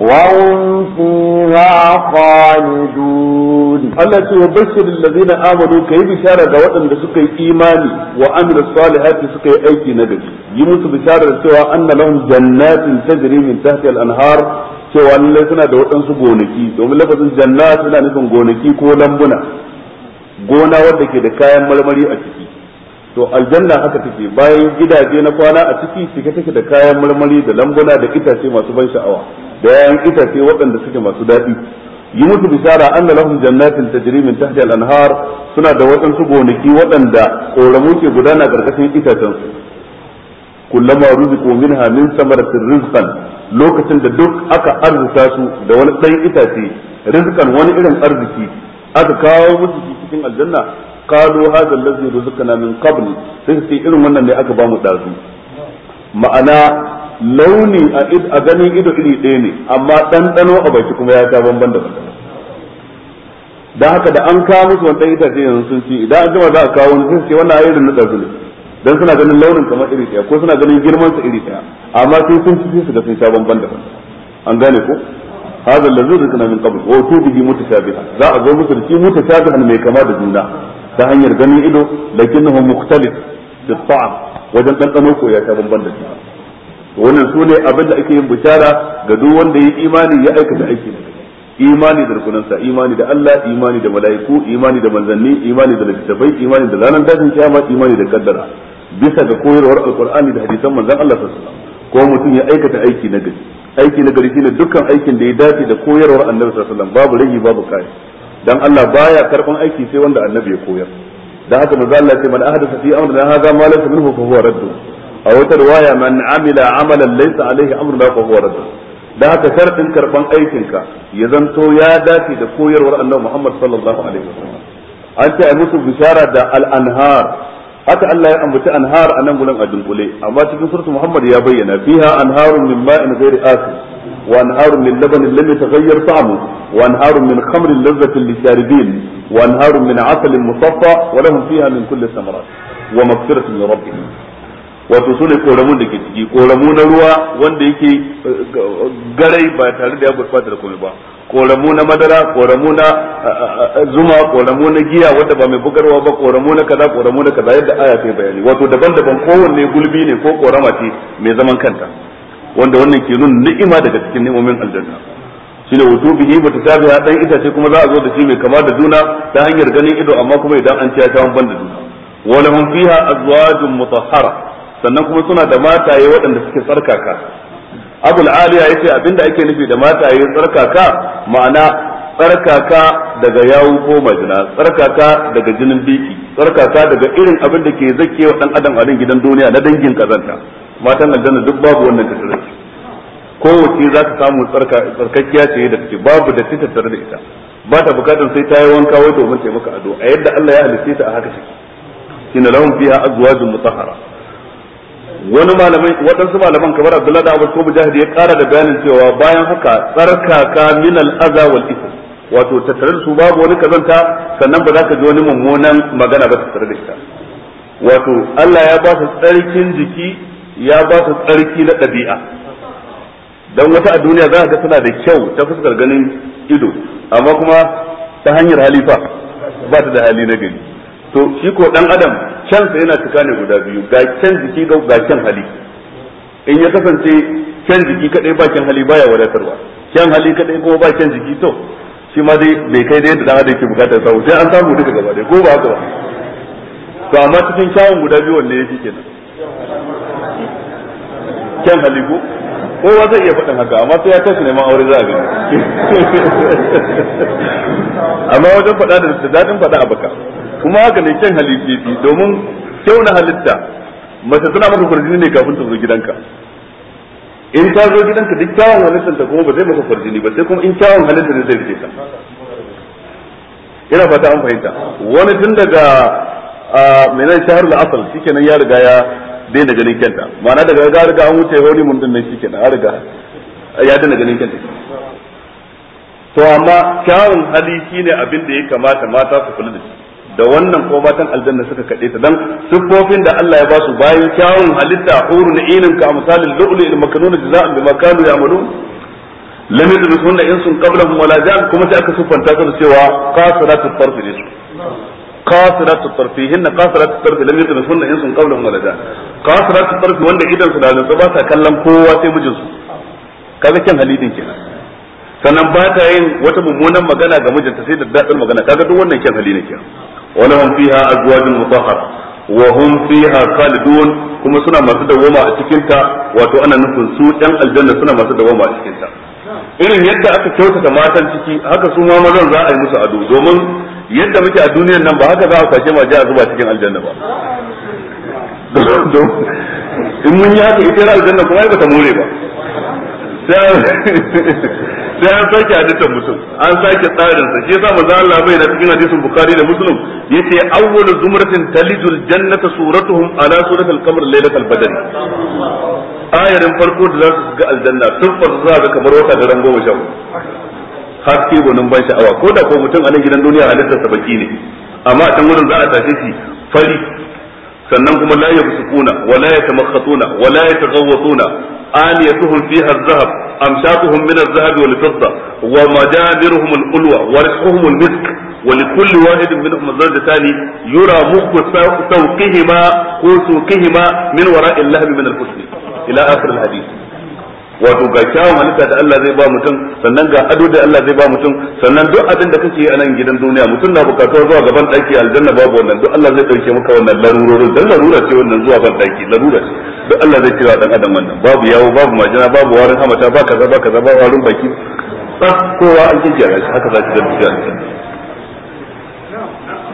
وهم فيها خالدون الله يبشر الذين آمنوا كي بشارة وأن سكي إيماني وعمل الصالحات سكي أيكي نبي يمس بشارة سوى أن لهم جنات تجري من تحت الأنهار cewa lallai suna da waɗansu gonaki domin lafazin janna suna nufin gonaki ko lambuna gona wadda ke da kayan marmari a ciki to aljanna haka take bayan gidaje na kwana a ciki cike take da kayan marmari da lambuna da itace masu ban sha'awa da yayan itace waɗanda suke masu daɗi yi musu bishara da lahum jannatin ta min ta al-anhar suna da waɗansu gonaki waɗanda koramu ke gudana karkashin itacen su kullama rubi ko min samaratin rizkan lokacin da duk aka arzuta su da wani ɗan itace rizkan wani irin arziki aka kawo musu cikin aljanna qalu hadha allazi ruzqana min qabl sai su irin wannan ne aka ba mu dazu ma'ana launi a ganin ido iri ɗaya ne amma ɗanɗano a baki kuma ya ta bamban da dan haka da an kawo musu wannan ita ce yanzu sun ci idan an gama za a kawo sun ce wannan ayyukan na ɗazu ne dan suna ganin launin kamar iri ɗaya ko suna ganin girman sa iri ɗaya amma sai sun ci su ga sun sha bamban da an gane ko hadha allazi rizqana min qabl wa tu bi mutashabiha za a zo musu da shi mutashabihan mai kama da juna ta hanyar ganin ido lakinnahu mukhtalif fi ta'am wajen dandano ko ya ta bambanta da wannan sune abin da ake yin bishara ga duk wanda ya imani ya aikata aiki na imani da rukunansa imani da Allah imani da mala'iku imani da manzanni imani da littattafai imani da ranar dajin kiyama imani da kaddara bisa ga koyarwar alqur'ani da hadisan manzon Allah sallallahu alaihi wasallam ko mutum ya aikata aiki na gari aiki na gari shine dukkan aikin da ya dace da koyarwar annabi sallallahu alaihi wasallam babu rahi babu kai dan Allah baya karban aiki sai wanda annabi ya koyar dan haka manzo Allah ce man ahdatha fi amrina hadha ma laysa minhu fa huwa radd a wata riwaya man amila amalan laysa alaihi amruna fa huwa radd dan haka sharadin karban aikinka ya zanto ya dace da koyarwar annabi Muhammad sallallahu alaihi wasallam an ce ai musu bishara da al-anhar haka Allah ya ambaci anhar a nan gudan a dunkule amma cikin surtu Muhammad ya bayyana fiha anharun min ma'in ghairi asin wa anharun min labanin lam yataghayyar ta'amu wa anharun min khamrin lazzatin lisharibin wa anharun min 'asalin musaffa wa lahum fiha min kulli thamarat wa maghfiratun min rabbihim wato su ne koramun da ke ciki koramu na ruwa wanda yake uh, garai ba tare da ya gurfata da komai ba koramu na madara koramu na uh, uh, zuma koramu na giya wanda ba mai bugarwa ba koramu na kaza koramu na kaza yadda aya ta bayani wato daban-daban kowanne gulbi ne ko korama ce mai zaman kanta wanda wannan ke nuna ni'ima daga cikin ni'imomin aljanna shine wato bihi bata tabi ha dan itace kuma za a zo da shi mai kama da juna ta hanyar ganin ido amma kuma idan an ci ya ta ban da juna wala hum fiha azwajun mutahhara sannan kuma suna da mataye waɗanda suke tsarkaka abul aliya yace abinda ake nufi da mataye tsarkaka ma'ana tsarkaka daga yawu ko majina tsarkaka daga jinin biki tsarkaka daga irin abin da ke zake wa dan adam a gidan duniya na dangin kazanta matan aljanna duk babu wannan ko wace za ta samu tsarkakkiya ce da take babu da ta tattare da ita ba ta bukatar sai ta yi wanka wai domin ta maka ado a yadda Allah ya halitta ta a haka shi kina lahum fiha azwajun mutahhara wani malamai waɗansu malaman kamar abdullahi da Abu Mujahid ya kara da bayanin cewa bayan haka tsarkaka min al wal wato tattare da su babu wani kazanta sannan ba za ka ji wani mummunan magana ba tattare da ita wato Allah ya ba su tsarkin jiki ya ba su tsarki na ɗabi'a dan wata a duniya za ga tana da kyau ta fuskar ganin ido amma kuma ta hanyar halifa ba ta da hali na gari to shi ko dan adam can sai yana cika ne guda biyu ga can jiki ga can hali in ya kasance can jiki kadai ba can hali baya wadatarwa can hali kadai kuma ba can jiki to shi ma dai bai kai da yadda dan adam yake bukatar samu sai an samu duka gaba dai ko ba haka ba to amma cikin kyawun guda biyu wanne yake kenan can hali ko kowa zai iya faɗin haka amma sai ya tashi neman aure za a gani (laughs) amma wajen faɗa da daɗin faɗa a baka kuma haka ne kyan halitta domin kyau na halitta mace tana maka kwarjini ne kafin ta zo gidanka in ta zo gidanka duk kyawun halittar ta kuma ba zai maka kwarjini ba sai kuma in kyawun halitta ne zai rike ta ina fata an fahimta wani tun daga menene shaharul asal shikenan ya riga ya daina ganin kyanta ma'ana daga ga riga an wuce hori mun din nan shikenan an riga ya daina ganin kyanta to amma kyawun hali shine abin da ya kamata mata su kula da shi da wannan ko matan aljanna suka kade ta dan siffofin da Allah ya ba su bayan kyawun halitta hurun ilin ka misalin lu'lu'il maknun jaza'an bima kanu ya'malun lam yadrusunna insun qablahum wala jan kuma sai aka siffanta su cewa qasiratut tarfi ne su qasiratut tarfi hinna qasiratut tarfi lam yadrusunna insun qablahum wala jan qasiratut tarfi wanda idan su da zan ba sa kallon kowa sai mijinsu kaga kin halidin kenan sannan ba ta yin wata mummunan magana ga mijinta sai da daɗin magana kaga duk wannan kyan hali ne kenan ولهم فيها أزواج مطهرة وهم فيها خالدون kuma suna masu dawoma a cikinta wato ana nufin su ɗan aljanna suna masu dawoma a cikinta irin yadda aka kyautata matan ciki haka su ma mazan za a yi musu ado domin yadda muke a duniyar nan ba haka za a kwace ma a zuba cikin aljanna ba in mun yi haka ita aljanna kuma ai bata more ba sai an sake halittar mutum an sake tsarin sa shi yasa manzo Allah bai da cikin hadisin bukhari da muslim yace awwalu zumratin talijul jannata suratuhum ala suratil qamar laylatul badr ayarin farko da za su ga aljanna tun farko za ga kamar wata daren goma sha haske gonin ban sha'awa ko da ko mutum a nan gidan duniya halittar sa baki ne amma a can wurin za a tashi shi fari sannan kuma la yabsukuna wala yatamakhatuna wala yatagawwatuna aliyatuhum fiha az-zahab أمساكهم من الذهب والفضة ومجامرهم الألوى ورزقهم المسك ولكل واحد منهم الزوجتان يرى مخ سوقهما وسوقهما من وراء اللهب من الحسن إلى آخر الحديث wato ga kyawun halitta da Allah zai ba mutum sannan ga ado da Allah zai ba mutum sannan duk abin da kake yi a nan gidan duniya mutum na bukatuwa zuwa gaban daki aljanna babu wannan duk Allah zai dauke maka wannan larurorin dan larura ce wannan zuwa ban daki larura ce duk Allah zai kira dan adam wannan babu yawo babu majina babu warin hamata ba kaza ba kaza ba warin baki kowa an kike haka za ki zama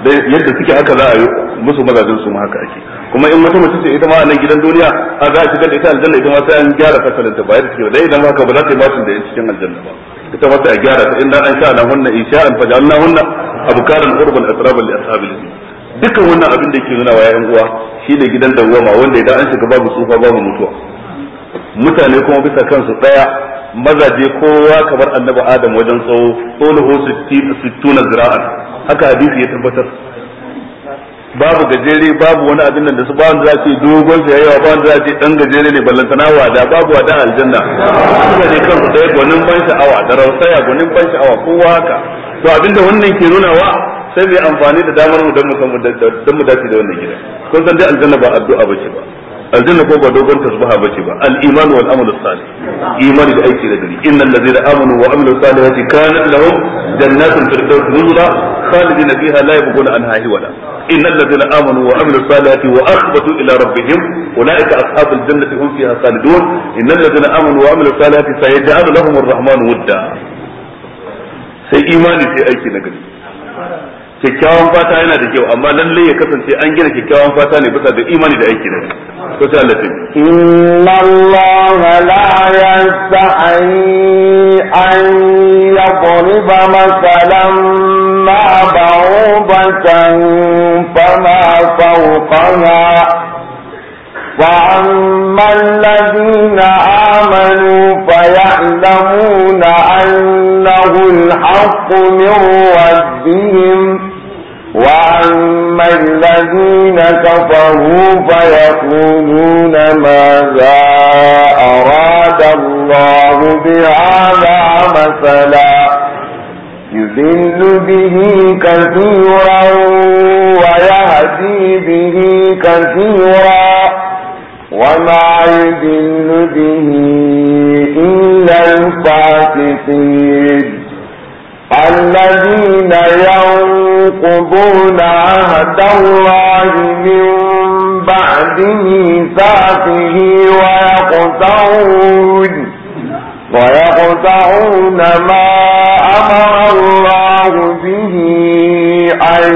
yadda suke haka za a yi musu mazajin su ma haka ake kuma in wata mace ce ita ma a nan gidan duniya a za a shigar da ita aljanna ita ma sai an gyara fasalin ta ba yadda take da idan haka ba za ta yi bashin da yan cikin aljanna ba ita ma sai a gyara ta in da an sha na hunna isha an faja na hunna na urban asrabal li ashabil dukkan wannan abin da yake nuna wa yayan uwa shine gidan da goma wanda idan an shiga babu tsufa babu mutuwa mutane kuma bisa kansu daya mazaje kowa kamar annabi adam wajen tsawo tsohu 60 Ziraar haka hadisi ya tabbatar babu gajere babu wani abin da su ba za su yi dogon yayawa ba za su yi dan gajere ne ballantana wada babu wada aljanna suka ne kansu ɗaya gwanin ban sha'awa da rausaya gwanin ban sha'awa kowa haka to abinda wannan ke nuna wa sai mai amfani da damar mu don mu dace da wannan gida kun san dai aljanna ba addu'a ce ba aljanna ko ba dogon tasbaha bace ba al-iman wal amal salih imani da aiki da gari innal ladzina amanu wa amilus salihati kanat lahum jannatul firdaus nuzula khalidina fiha la yabghuna anha hiwala innal ladzina amanu wa amilus salihati wa akhbatu ila rabbihim ulaika ashabul jannati hum fiha khalidun innal ladzina amanu wa amilus salihati sayaj'alu lahum ar-rahmanu wudda sai imani sai aiki na gari kyakkyawan fata yana da kyau amma lalle ya kasance an gina kyakkyawan fata ne bisa ga imani da aiki da shi ko sai Allah tafi inna Allah la yasta'i an yadriba masalan ma ba'ubatan fama fawqaha وأما الذين آمنوا فيعلمون أنه الحق من ربهم وأما الذين كفروا فيقولون ماذا أراد الله بهذا مثلا يذل به كثيرا ويهدي به كثيرا وما يذل به إلا الفاسقين الذين ينقضون عهد الله من بعد ميثاقه ويقطعون ويقطعون ما أمر الله به أن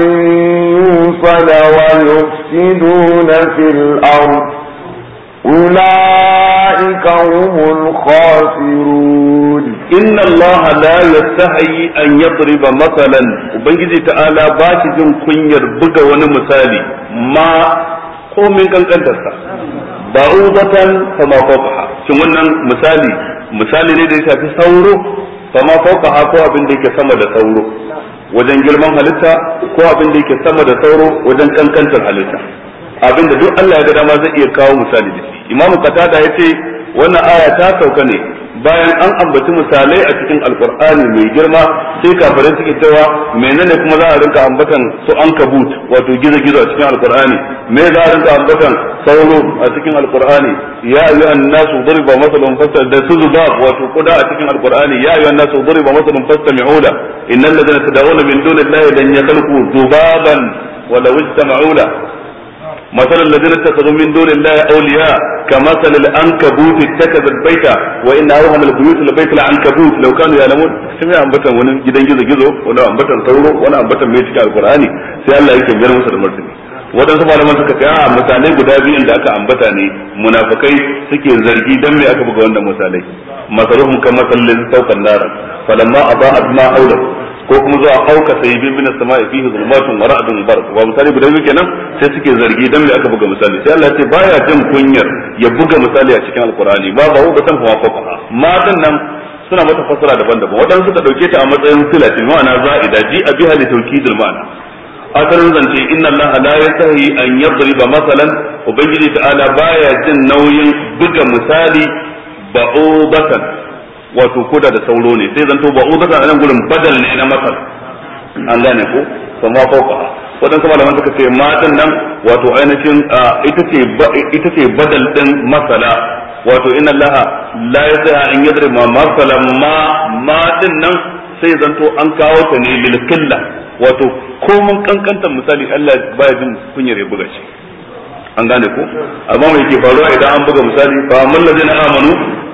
يوصل ويفسدون في الأرض أولئك هم الخاسرون inna Allah la yastahi an yadriba ubangiji ta'ala ba shi jin kunyar buga wani misali ma komin kankantarsa ba'udatan fama fawqaha shin wannan misali misali ne da ya shafi sauro fama fawqaha ko abin da yake sama da sauro wajen girman halitta ko abin da yake sama da sauro wajen kankantar halitta abinda duk Allah ya ga dama zai iya kawo misali da shi imamu qatada yace wannan aya ta sauka ne bayan an ambaci misalai a cikin alkur'ani mai girma sai kafirai suke cewa menene kuma za a rinka ambatan su an kabut wato gizo-gizo a cikin alkur'ani me za a rinka ambatan sauro a cikin alkur'ani ya yi an nasu ba masalun fasta da su zuba wato kuda a cikin alkur'ani ya yi an nasu duriba masalun fasta na innal ladina tad'una min dunillahi lan yakhluqu dhubaban walau istama'u مثل الذين اتخذوا من دون الله اولياء كمثل الانكبوت اتخذ البيت وان اوهم البيوت لبيت العنكبوت لو كانوا يعلمون سمع ان بتن ambatan wani gidan gizo gizo ان بتن sauro wani ان بتن cikin alqur'ani sai سي الله biyar غير da martani wadansu malaman suka ce a misalai guda biyun da aka ambata ne munafikai suke zargi dan me aka buga wannan misalai masaruhum kamasalin saukan nar falamma aba'a ma aulahu ko kuma zuwa auka sai bin bin sama'i fihi zulmatun wa ra'dun bar wa misali da yake nan sai suke zargi dan me aka buga misali sai Allah ya ce baya jin kunyar ya buga misali a cikin alqur'ani ba ba ba san ko fa ma nan suna mata fasara daban-daban waɗansu suka dauke ta a matsayin silatin ma'ana za'ida ji a biha li ma'ana asalin zance inna Allah la yasahi an yadriba masalan ubangiji ta'ala baya jin nauyin buga misali ba'ubatan wato koda da sauro ne sai zanto ba da nan gurin badal ne na masal an gane ko kama fauka kuma malaman suka ce matan nan wato ainihin ita ce badal ɗin masala wato inna allah la yasa an yadri ma masala ma matan nan sai zanto an kawo ta ne lil killa wato mun kankanta misali Allah ya jin kunyar ya buga shi an gane ko amma me yake faruwa idan an buga misali fa man ladina amanu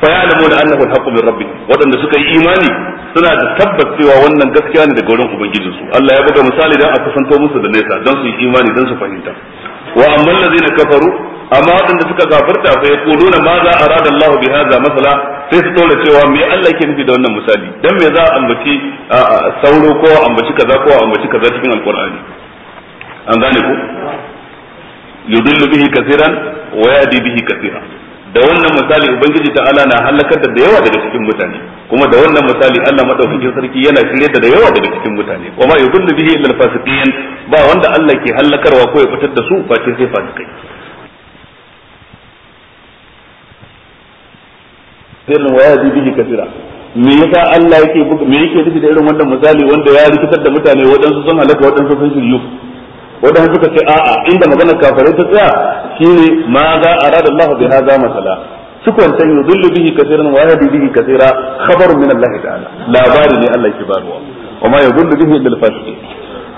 fa ya'lamu da annahu al-haqqu min rabbih wadanda suka yi imani suna da tabbas cewa wannan gaskiya ne daga wurin ubangijin su Allah ya buga misali dan a kusanto musu da nesa dan su yi imani dan su fahimta wa amma allazina kafaru amma wadanda suka gafarta fa yaquluna ma za arada Allah bi hadha masala sai su tola cewa me Allah yake nufi da wannan misali dan me za a ambaci sauro ko ambaci kaza ko ambaci kaza cikin alqur'ani an gane ko yudillu bihi kaseeran wa yadi bihi kaseeran da wannan misali ubangiji ala na halakar da yawa daga cikin mutane kuma da wannan misali Allah madaukakin sarki yana shirye da yawa daga cikin mutane kuma ma yudillu bihi illa al-fasiqin ba wanda Allah ke halakarwa ko ya fitar da su face sai fasikai sirrin waya yadi bihi kafira me yasa Allah yake me yake nufi da irin wannan misali wanda ya rikitar da mutane waɗansu sun halaka waɗansu sun shiryu wadanda suka ce a'a inda magana kafirai ta tsaya shine ma za arada Allah bi hadha masala sukan san yudillu bihi kaseeran wa yahdi bihi kaseera khabarun min Allah ta'ala labari ne Allah ke barwa wa ma yudillu bihi illa al-fasiqin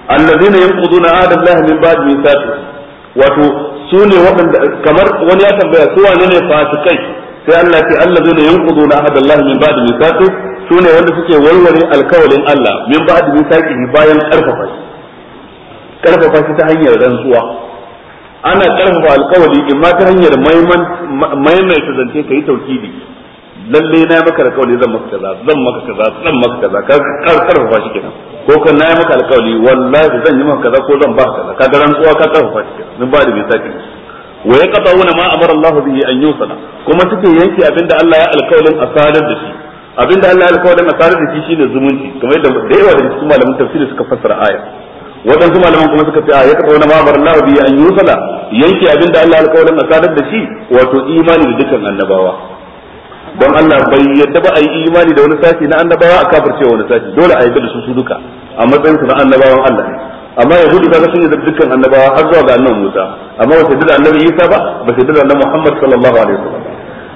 alladhina yanquduna ahda Allah min ba'd mithaqi wato su ne waɗanda kamar wani ya tambaya su wane ne fasikai sai Allah ce alladhina yanquduna ahda Allah min ba'd mithaqi su ne wanda suke warware alkawalin Allah min ba'd mithaqi bayan karfafa shi karfafa shi ta hanyar rantsuwa ana karfafa alkawari in ma ta hanyar maimaita zance kai taukidi lalle na maka alkawari zan maka kaza zan maka kaza zan maka kaza ka karfafa shi kenan ko kan na maka alkawari wallahi zan yi maka kaza ko zan ba kaza ka ga rantsuwa ka karfafa shi kenan mun ba da misali wa yaqta'una ma amara Allah bihi an yusala kuma suke yanke abinda Allah ya alkawarin asalar da shi abinda Allah ya alkawarin asalar da shi shine zumunci kamar yadda da yawa daga cikin malaman tafsiri suka fassara aya waɗansu malaman kuma suka ce a ya taɓa wani ma'amar larabi an yi yusala yanke abin da Allah alƙawarin a sadar da shi wato imani da dukkan annabawa don Allah bai yadda ba a yi imani da wani sashi na annabawa a kafirce wani sashi dole a yadda da su su duka a matsayin su na annabawan Allah ne amma yahudu kaga sun yi dukkan annabawa har zuwa ga annabi Musa amma ba su da annabi Isa ba ba su da annabi Muhammad sallallahu alaihi wasallam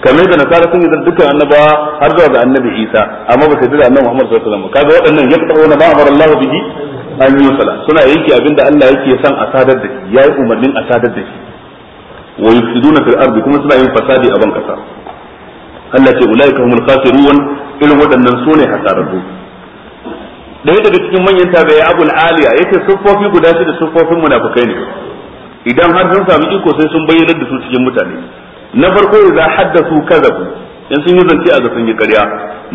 kamar da nasara sun yi da dukkan annabawa har zuwa ga annabi Isa amma ba su yarda da annabi Muhammad sallallahu alaihi wasallam kaga waɗannan yaqta'una ma amara Allah bihi an sala suna yanke abinda Allah yake son a sadar da shi yayi umarnin a sadar da shi wa yufsiduna fil ardi kuma suna yin fasadi a ban kasa Allah ce ulaika humul khasirun irin waɗannan su ne hasararru ɗaya daga cikin manyan tabi'ai abul aliya yake sufofi guda shida sufofin munafikai ne idan har sun sami iko sai sun bayyana da su cikin mutane na farko idza haddathu kadhabu in sun yi zance a ga sun yi ƙarya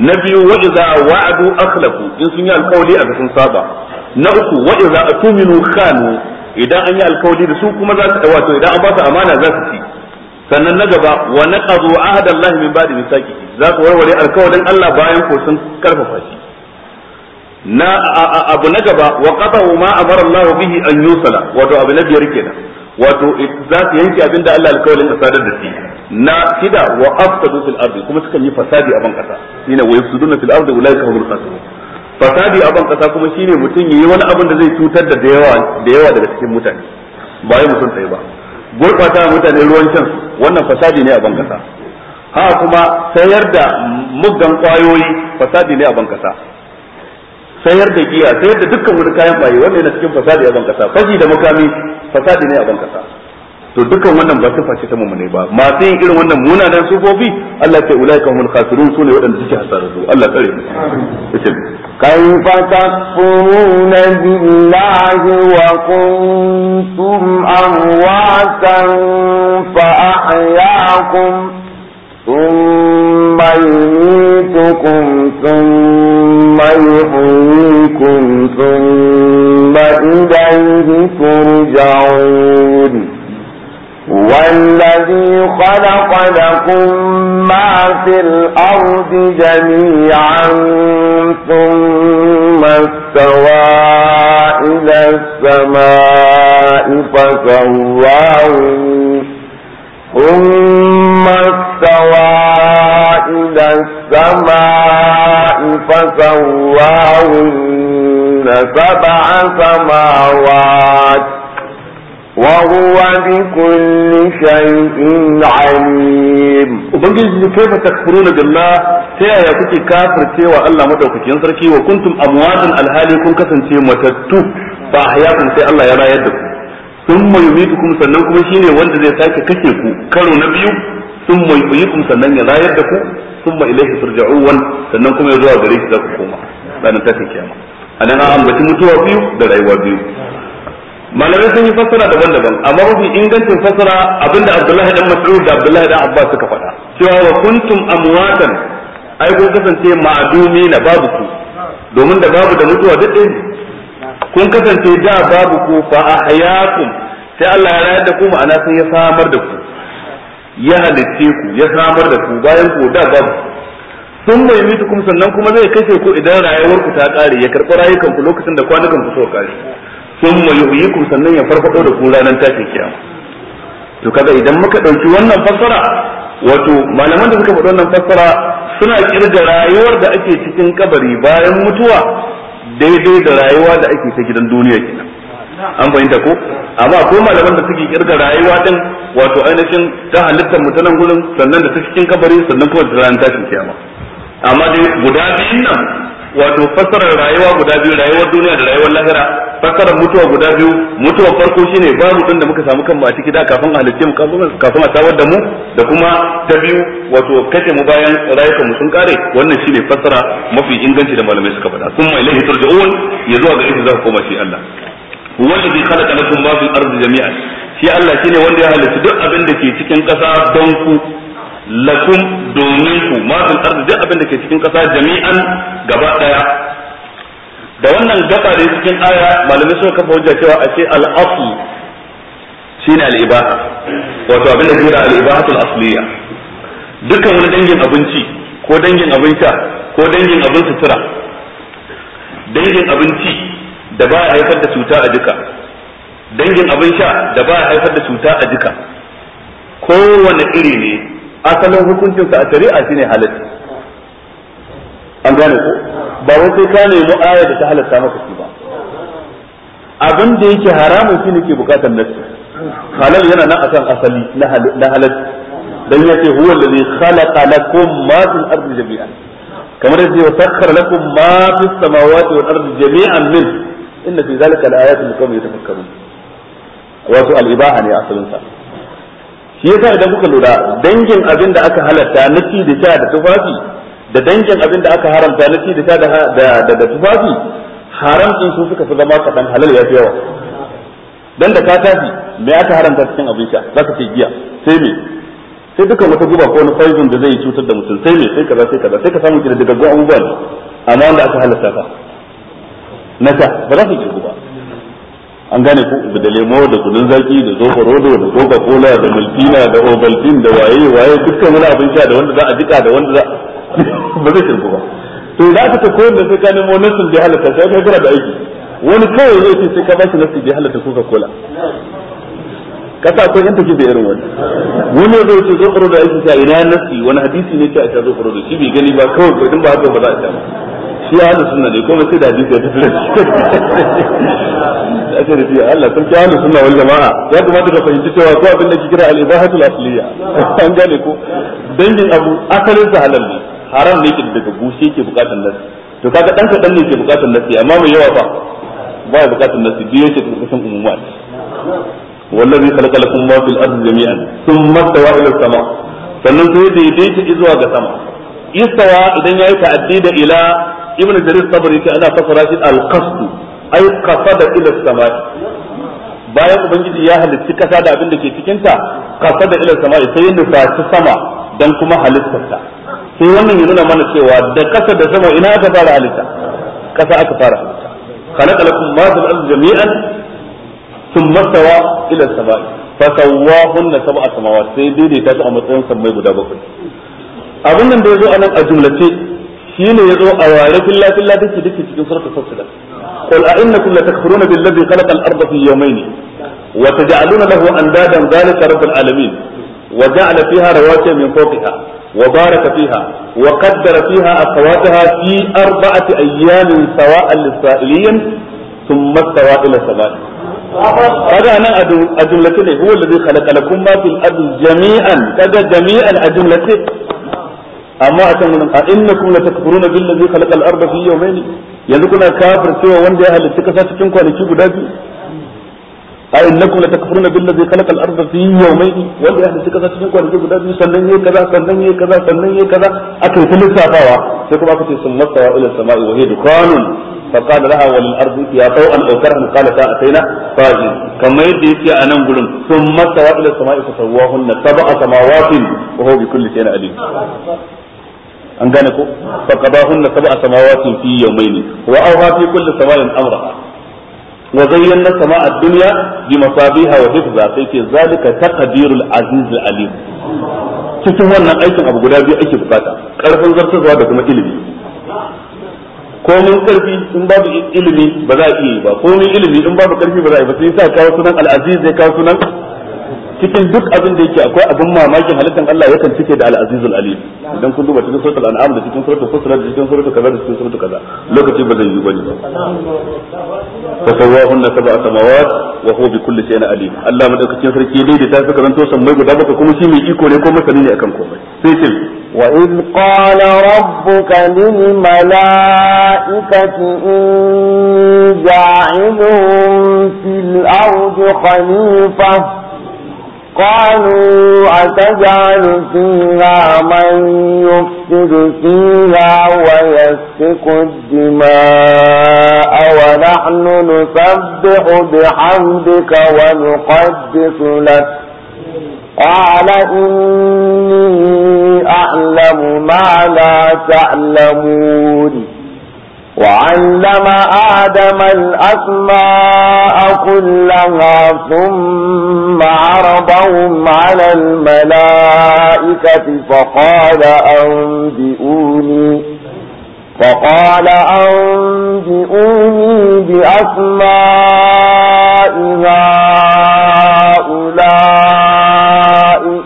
na biyu wa idza wa'adu akhlafu in sun yi alƙawli a ga sun saba na uku wa idza atuminu khanu idan an yi alƙawli da su kuma za su wato idan an ba su amana za su ci sannan na gaba wa naqadu ahada Allah min ba'di misaki za su warware alƙawalin Allah bayan ko sun karfafa shi na abu na gaba wa qata ma amara Allah bihi an yusala wato abu na biyar kenan wato za su yanke abin da Allah alkawalin sadar da shi na shida wa afsadu fil ardi kuma sukan yi fasadi a ban kasa shine wa yufsiduna fil ardi ulaika humul khasirun fasadi a ban kasa kuma shine mutum yayi wani abin da zai cutar da da yawa da yawa daga cikin mutane ba ya mutum tsaye ba gurbata mutane ruwan shan wannan fasadi ne a ban kasa ha kuma sayar da muggan kwayoyi fasadi ne a ban kasa sayar da giya sayar da dukkan wani kayan baye wannan yana cikin fasadi a bankasa fasi da makami fasadi ne a bankasa to dukkan wannan ba su ce ta mummune ba masu yin irin wannan munanan sufofi Allah ta ulaika humul khasirun sune waɗanda suke hasararru Allah kare mu yace kayfa takfuruna billahi wa kuntum amwatan fa ahyaakum ثم يميتكم ثم يحييكم ثم إليه ترجعون والذي خلق لكم ما في الأرض جميعا ثم استوى إلى السماء فسواه ثم استوى إلى السماء فسواهن سبع سماوات وهو بكل شيء عليم ubangiji kai fa takfuruna billah ta yaya kuke kafircewa Allah madaukakin sarki wa kuntum amwatan alhali kun kasance matattu fa ahyakum sai Allah ya rayar da ku thumma yumitukum sannan kuma shine wanda zai sake kashe ku karo na biyu thumma yuhyikum sannan ya rayar da ku thumma ilayhi turja'un sannan kuma ya zuwa gare shi za ku koma Sannan ta kiyama anan an ambaci mutuwa biyu da rayuwa biyu malamai sun yi fassara daban-daban amma mafi ingancin fassara abinda Abdullahi dan Mas'ud da Abdullahi dan Abbas suka faɗa cewa wa kuntum amwatan ai kasance ma'adumi na babu ku domin da babu da mutuwa duk ɗaya ne kun kasance da babu ku fa ahyakum sai Allah ya rayar da ku ma'ana sai ya samar da ku ya halitte ku ya samar da ku bayan ku da babu sun mai mutu kuma sannan kuma zai kashe ku idan rayuwar ku ta kare ya karɓi rayukan ku lokacin da kwanukan ku suka kare sun mai yuhyikum sannan ya farfado da ku ranar tashin kiyama to kaga idan muka dauki wannan fassara wato malaman da suka faɗi wannan fassara suna kirga rayuwar da ake cikin kabari bayan mutuwa daidai da rayuwa da ake ta gidan duniya kenan an fahimta ko amma ko malaman da suke kirga rayuwa din wato ainihin ta halittar mutanen gurin sannan da ta cikin kabari sannan kuma da ran tashin kiyama amma dai guda biyun nan wato fassarar rayuwa guda biyu rayuwar duniya da rayuwar lahira fassarar mutuwa guda biyu mutuwar farko shine babu din da muka samu kanmu a ciki da kafin a halicce mu kafin a tawar da mu da kuma ta biyu wato kace mu bayan rayuwar mu sun kare wannan shine fassara mafi inganci da malamai suka faɗa kuma ilaihi turja'un ya zuwa ga ita za ku koma shi Allah huwa allazi khalaqa lakum ma fil ardi jami'an shi Allah shine wanda ya halitta duk abin da ke cikin ƙasa don ku lakum domin ku ma fil ardi duk abin da ke cikin ƙasa jami'an gaba daya da wannan gaba da cikin aya malamai suka kafa hujja cewa ashe al-asl shine al-ibaha wato abin da ke da al-ibahatul asliya dukkan wani dangin abinci ko dangin abin sha ko dangin abin sutura dangin abinci da ba ya haifar da cuta a jika dangin abin sha da ba ya haifar da cuta a jika kowane iri ne asalin hukuncinsa a shari'a shine halatta an gane ko ba wai sai ka nemi aya da ta halatta maka shi ba abin da yake haramun shine ke bukatar nasu halal yana nan akan asali na halatta dan ya ce huwa allazi khalaqa lakum ma fil ardi jami'an kamar yadda ya sakkara lakum ma fis samawati wal ardi jami'an min inna fi zalika laayatin liqaumin yatafakkarun wato al-ibaha ne asalin sa shi yasa idan kuka lura dangin abin da aka halatta na ci da sha da tufafi da dangin abin da aka haramta na ci da sha da da tufafi haram din su suka fi zama kadan halal ya fi yawa dan da ka tafi me aka haramta cikin abin sha ka ce giya sai me sai dukkan wata guba ko wani faizin da zai cutar da mutum sai me sai kaza sai kaza sai ka samu kididdigaggun abubuwa amma wanda aka halatta ka na ba za su ji ba an gane ku da lemo da kunun zaki da zoba rodo da coca cola da multina da ovaltine da waye waye dukkan wani abin sha da wanda za a jika da wanda za (laughs) ba zai shirku ba to za aka ta koyar da sai ka nemo nasin da halatta sai ka gara da aiki wani kawai zai ce sai ka bashi nasin da halatta coca cola kasa akwai yan take da irin wani wani zai ce zo da aiki sa ina nasi wani hadisi ne ce a ta zo da shi bai gani ba kawai ko din ba haka ba za a ta ba shi ahlu suna ne kuma sai da hadisi ya tafi da shi da Allah kun kyawu suna wani jama'a ya kamata ka fahimci cewa ko abin da ke kira al-ibahatul asliya an gane ko dangin abu asalin sa halal ne haram ne ke daga bushe ke bukatar nasi to kaga dan kadan ne ke bukatar nasi amma mai yawa ba ba ya bukatar nasi biye da kusan umumat wallazi khalaqa lakum ma fil ardi jami'an thumma tawa ila sama sannan sai daidaita zuwa ga sama istawa idan yayi ta'addi da ila ibn jarir sabri ta ana fasara shi al-qasd ay qasada ila samai bayan ubangiji ya halitta kasa da abin da ke cikin ta da ilal samai sai ya nufaci sama dan kuma halittar ta sai wannan ya nuna mana cewa da kasa da sama ina aka fara halitta kasa aka fara halitta khalaqa lakum ma fil ardi jami'an thumma stawa ila samai fasawwahunna sab'a samawat sai daidaita su a matsayin sammai guda bakwai abin nan da yazo anan a jumlace shine yazo a ware kulla kulla duk su duk cikin suratul fassila qul a innakum latakfuruna billazi khalaqa al-ardha fi yawmayn wa taj'aluna lahu andadan zalika rabbul alamin wa ja'ala fiha rawasiya min fawqiha وبارك فيها وقدر فيها أقواتها في أربعة أيام سواء للسائلين ثم استوى إلى السماء kaga nan a jumlace ne huwa alladhi khalaqa lakum ma fil ardi jami'an kaga jami'an a jumlace amma a can wurin a innakum latakfuruna billazi khalaqal arda fi yawmayn yanzu kuna kafir cewa wanda ya halitta kasa cikin kwanaki guda biyu a innakum latakfuruna billazi khalaqal arda fi yawmayn wanda ya halitta kasa cikin kwanaki guda biyu sannan yayi kaza sannan yayi kaza sannan yayi kaza kai ta safawa sai kuma aka ce sun mastawa ila samai wa hiya dukanun فقال لها وللأرض يا طوعا أو كرها قالتا أتينا طاغين كما يدي في أنا نقول ثم استوى إلى السماء فسواهن سبع سماوات وهو بكل شيء عليم an gane ko fa qadahunna sab'a samawati fi yawmayn wa awha fi kulli samain amraha wa zayyana samaa ad-dunya bi masabiha wa hifza sai ce zalika taqdirul aziz alim cikin wannan aikin abu guda biyu ake bukata karfin zartarwa da kuma ilimi komin karfi in babu ilimi ba za a iya ba komin ilimi in babu karfi ba za a yi ba sai sa kawo sunan al-aziz ya kawo sunan cikin duk abin da yake akwai abin mamakin halittar Allah yakan cike da al-azizul alim idan kun duba cikin suratul an'am da cikin suratul fusilat da cikin suratul kaza da cikin suratul kaza lokaci ba zai yi bane ba fa sawahunna sab'a samawat wa huwa bi kulli shay'in alim Allah madaukakin sarki dai da ta saka zanto sammai guda baka kuma shi mai iko ne ko masani ne akan komai sai ce وإذ قال ربك للملائكة إني جاعل في الأرض خليفة قالوا أتجعل فيها من يفسد فيها ويسفك الدماء ونحن نسبح بحمدك ونقدس لك قال إني أعلم ما لا تعلمون وعلم آدم الأسماء كلها ثم عرضهم على الملائكة فقال أنبئوني فقال أنبئوني بأسماء هؤلاء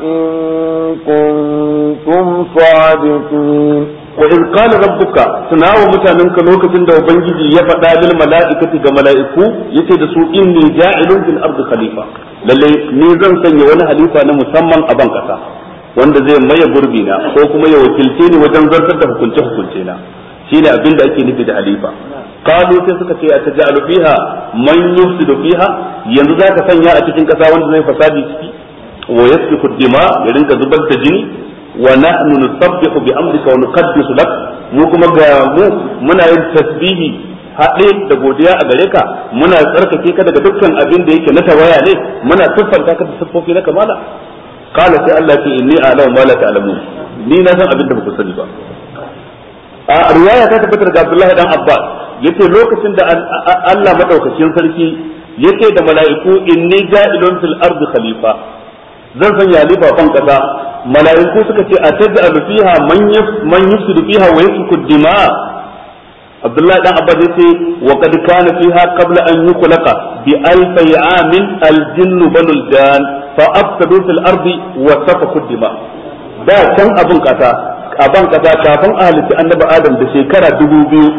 إن كنتم صادقين wa in qala rabbuka tunawa mutanen ka lokacin da ubangiji ya faɗa lil mala'ikati ga mala'iku yace da su inni ja'ilun fil ardi khalifa lalle ni zan sanya wani halifa na musamman a ban kasa wanda zai maye gurbi na ko kuma ya wakilce ni wajen zartar da hukunce hukunce na shine abin da ake nufi da halifa qalu sai suka ce ataj'alu fiha man yufsidu fiha yanzu zaka sanya a cikin kasa wanda zai fasadi ciki wa yasfiku dima ya rinka zubar da jini wa nahnu nusabbihu bi amrika wa nuqaddisu lak mu kuma ga mu muna yin tasbihi haɗe da godiya a gare ka muna tsarkake ka daga dukkan abin da yake na tawaya ne muna siffanta ka da siffofi na kamala qala sai Allah ce inni a'lamu ma la ta'lamun ni na san abin da ba ku sani ba a riwaya ta tabbatar ga Abdullahi dan Abbas yace lokacin da Allah madaukakin sarki yace da mala'iku inni ja'ilun fil ardi khalifa zan sanya lifafan kasa mala'iku suka ce al fiha man yufsidu fiha wa yasfiku dima' Abdullahi dan Abbas yace wa qad kana fiha qabla an yukhlaqa bi alf amin al jinn banul jan fa afsadu fil ardi wa safaku dima da kan abun kasa aban kasa kafin ahlici annabi Adam da shekara dubu biyu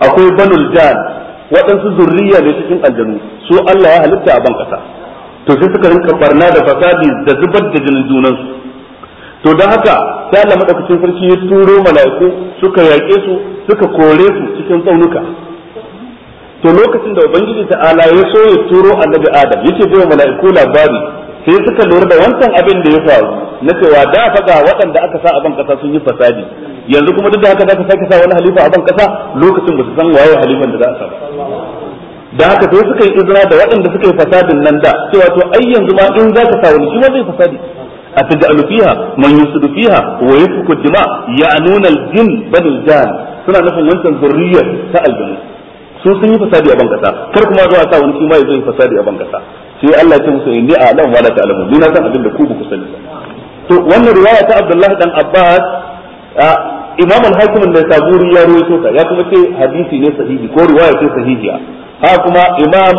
akwai banul jan waɗansu zurriya ne cikin aljanu su Allah ya halitta ban kasa to sai suka rinka barna da fasadi da zubar da jinin junansu to don haka sai Allah madaukakin sarki ya turo mala'iku suka yaƙe su suka kore su cikin tsaunuka to lokacin da ubangiji ta'ala ya so ya turo annabi adam yake bai mala'iku labari sai suka lura da wancan abin da ya faru na cewa da faga waɗanda aka sa a ban kasa sun yi fasadi yanzu kuma duk da haka za ka sake sa wani halifa a ban kasa lokacin ba su san waye halifan da za a sa ba da haka sai suka yi izina da waɗanda suka yi fasadin nan da sai wato ai yanzu ma in za ka sawo shi ma zai fasadi a taj'alu fiha man yusidu fiha wa yasfiku dima ya'nuna al-jin banil jan suna nufin wancan zurriya ta aljanu su sun yi fasadi a bankasa kar kuma zuwa sa wani shi ma yi fasadi a bankasa sai Allah ya ce musu inni a'lamu wa la ta'lamu ni na san abin da ku ba ku sani to wannan riwaya ta Abdullah dan Abbas imam al-hakim al nasaburi ya rawaito ta ya kuma ce hadisi ne sahihi ko riwaya ce sahihiya ha kuma imam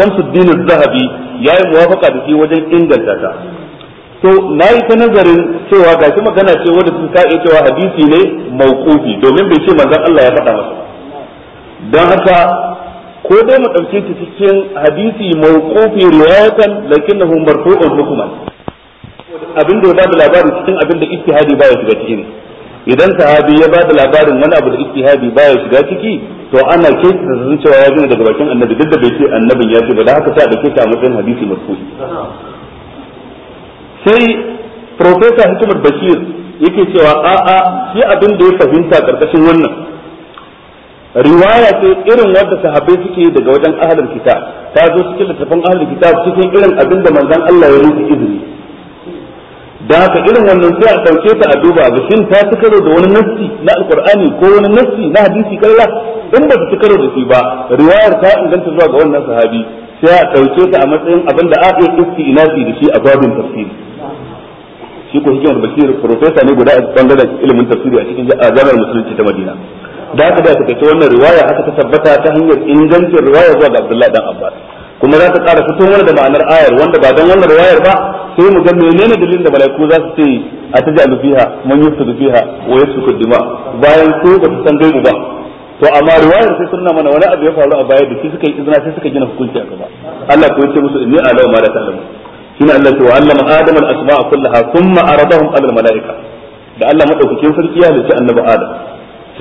Shamsuddin az-Zahabi ya yi muwafaqa da shi wajen inganta ta to nayi ta nazarin cewa gashi magana ce wanda sun ka iya cewa hadisi ne mauqufi domin bai ce manzon Allah ya faɗa masa dan haka ko dai mu dauke ta cikin hadisi mauqufi riwayatan lakinnahu marfu'un hukman abin da ya bada labari cikin abin da ba baya shiga cikin idan sahabi ya ba da labarin wani abu da ijtihadi baya shiga ciki to ana kesa sun cewa ya gina daga bakin annabi duk da bai ce annabin ya ce ba da haka sai da ke a matsayin hadisi marfu sai professor hikimar bashir yake cewa a a shi abin da ya fahimta karkashin wannan riwaya ce irin wadda sahabbai suke daga wajen ahalin kitab ta zo cikin littafin ahalin kitab cikin irin abin da manzon Allah ya rubuta izini da haka irin wannan sai a ɗauke ta a duba ga shin ta ci karo da wani nassi na alkur'ani ko wani nassi na hadisi kalla in ba ta ci karo da shi ba riwayar ta inganta zuwa ga wannan sahabi sai a ɗauke ta a matsayin abin da a iya iski inafi da shi a babin tafsiri shi ko hikimar basir profesa ne guda a bangaren ilimin tafsiri a cikin jami'ar musulunci ta madina da haka da ta wannan riwaya haka ta tabbata ta hanyar ingancin riwaya zuwa ga abdullahi dan abbas kuma za ta ƙara fito mana da ma'anar ayar wanda ba don wannan wayar ba sai mu ga menene dalilin da malaiku za su ce a ta ja'alu fiha man yufsidu fiha wa yasfiku dima bayan ko ba su san gaibu ba to amma riwayar sai sunna mana wani abu ya faru a baya da shi suka yi izina sai suka gina hukunci a gaba Allah ko yace musu inni alama ma la ta'lamu shine Allah ya allama adam al asma'a kullaha thumma aradahum ala al malaika da Allah madaukakin sarki ya halitta annabi adam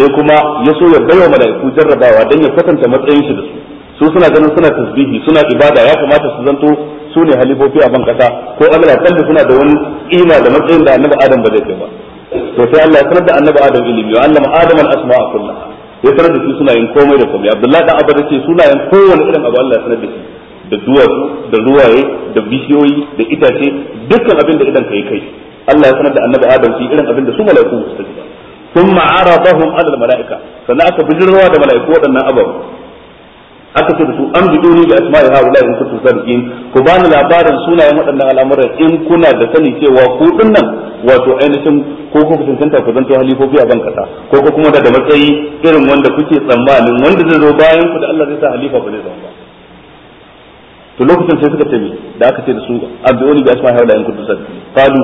sai kuma ya so ya bayyana malaiku jarrabawa dan ya kwatanta matsayin shi da su su suna ganin suna tasbihi suna ibada ya kamata su zanto su ne halifofi a ban kasa ko Allah kalli suna da wani kima da matsayin da annabi Adam ba zai kai ba to sai Allah ya sanar da annabi Adam ilimi wa allama Adam al-asma'a kullaha ya sanar da su suna yin komai da komai Abdullahi dan Abba ce suna yin kowane irin abu Allah ya sanar da shi da duwatsu da ruwaye da bishiyoyi da itace dukkan abin da idan kai kai Allah ya sanar da annabi Adam shi irin abin da su mala'iku su sani ثم عرضهم على الملائكة فنأك بجروا هذا ملائكة ودنا أبوا aka ce da su an ni da asma'i wala in kuntum sadiqin ku bani labarin sunayen waɗannan al'amuran in kuna da sani cewa ku dinnan wato ainihin ko ku kusantanta ku zanto ko biya ban kasa ko ko kuma da da matsayi irin wanda kuke tsammanin wanda zai zo bayan ku da Allah zai sa halifa ba zai zama ba to lokacin sai suka ce da aka ce da su ni da asma'i wala in kuntum sadiqin qalu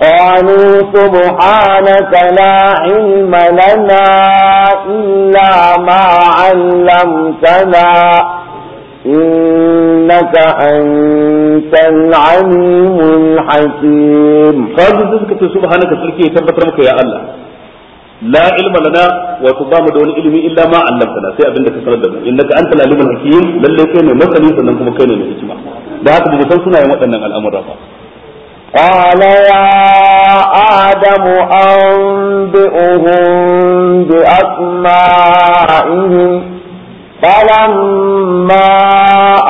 قالوا سبحانك لا علم لنا إلا ما علمتنا إنك أنت العليم الحكيم قالوا ذلك سبحانك سلكي تبترمك يا الله لا علم لنا وتضام دون علم إلا ما علمتنا سي أبنك سردنا إنك أنت العليم الحكيم للي كان مثلي سننكم كان الحكمة da haka da san suna yin waɗannan al'amura قال يا آدم أنبئهم بأسمائهم فلما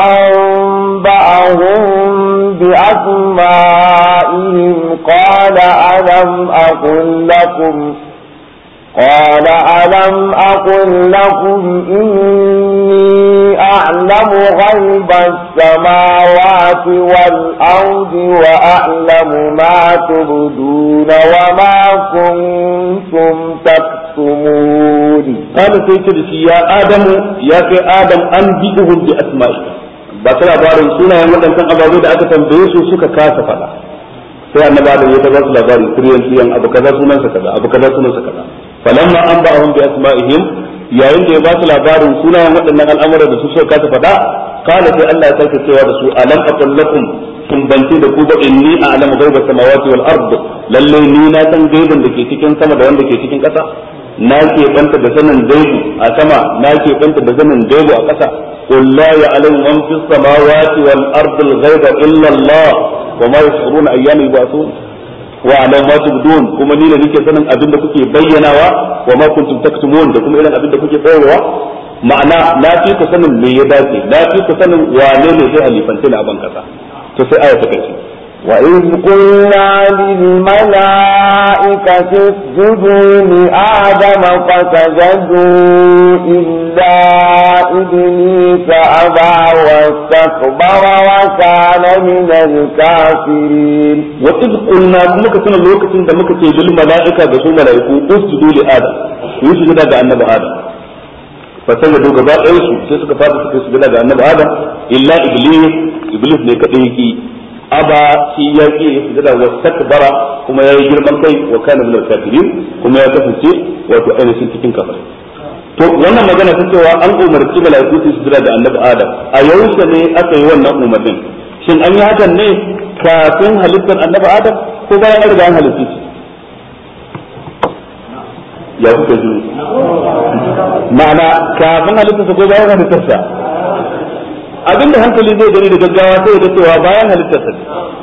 أنبأهم بأسمائهم قال ألم أقل لكم قال ألم أقل لكم إني wa غيب السماوات والأرض وأعلم ما تبدون وما كنتم تكتمون قال سيدي يا آدم يا آدم أنبئهم بأسمائك ba ta labarin sunayen waɗancan ababe da aka tambaye su suka kasa faɗa sai annabawa ya ta ba su labarin kuriyan abu kaza sunansa kaza abu kaza sunansa kaza falamma an ba'ahum bi asma'ihim yayin da ya basu su labarin sunayen waɗannan al'amuran da su so ka ta faɗa kana sai Allah ya sake cewa da su alam aqul lakum kun da ku ba inni a'lamu ghaiba samawati wal ard lalle ni na san gaibin da ke cikin sama da wanda ke cikin ƙasa na ke banta da sanin gaibu a sama na ke banta da sanin gaibu a ƙasa قل لا يعلم من في السماوات والأرض الغيب إلا الله وما يشعرون أيام يبعثون wa alam ma tubdun kuma ni ne nake sanin abin da kuke bayyanawa wa ma kuntum taktumun da kuma irin abin da kuke bayarwa ma'ana na fi ku sanin me ya dace na fi ku sanin wane ne zai halifanta na ban kasa to sai aya ta kace وإذ قلنا للملائكة اسجدوا لآدم فسجدوا إلا إبليس أبى واستكبر وكان من الكافرين وإذ قلنا لك سنة سنة مكة سيد الملائكة بسو ملائكو اسجدوا لآدم يسجد هذا النبي آدم فسجدوا جبائل سجدوا كفاتة سجدوا هذا النبي آدم إلا إبليس إبليس لكتئكي aba shi ya ki sujada wa takbara kuma yayi girman kai wa kana minal kafirin kuma ya kasance wato ainihin cikin kafirai to wannan magana ta cewa an umarci malaiku su sujada da annabi adam a yaushe ne aka yi wannan umarnin shin an yi hakan ne kafin halittar annabi adam ko bayan an riga an halitta shi ya ka ji ma'ana kafin halittarsa ko bayan halittarsa Abin da hankali zai gani da gaggawa sai da cewa bayan halittarsa ne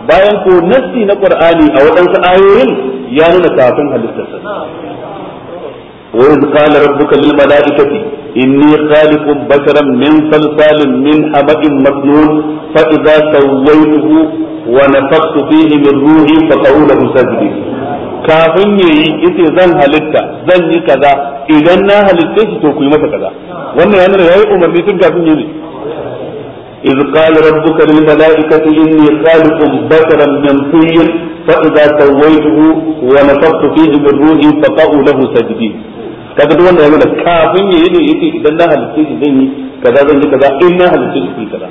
bayan ko nassi na qur'ani a waɗansu ayoyin ya nuna kafin halittarsa wa iz qala rabbuka lil malaikati inni khaliqu basharan min salsalin min hamadin masnun fa idza sawaytuhu wa nafakhtu fihi min ruhi fa qawlu lahu sajidin kafin yayi yace zan halitta zan yi kaza idan na halitta shi to ku yi masa kaza wannan yana da yayi umarni tun kafin yayi إذ قال ربك للملائكة إني خالق بشرا من طين فإذا سويته ونفخت فيه من روحي فقعوا له ساجدين kaga duk wanda ya nuna kafin ya yi ne yake idan na halitta shi zan yi kaza zan yi kaza in na halitta shi kaza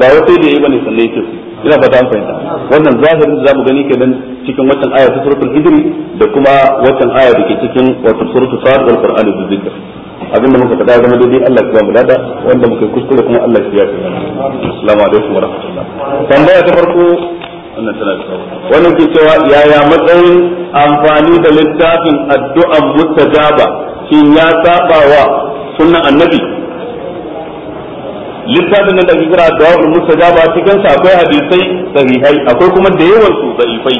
ba wai sai da yayi bane sannan yake ina fata an fahimta wannan zahirin da zamu gani kenan cikin watan aya ta suratul hijri da kuma watan aya da ke cikin watan suratul sad wal qur'an bi abin da muka faɗa zama daidai Allah ya mu dada wanda muka yi kuskure kuma Allah ya yafe mana assalamu alaikum wa rahmatullahi. tambaya ta farko wannan tana da wannan ke cewa yaya matsayin amfani da littafin addu'an mutajaba shin ya saba wa sunnan annabi littafin nan da ake kira addu'an mutajaba cikin sa akwai hadisai sahihai akwai kuma da yawan su da'ifai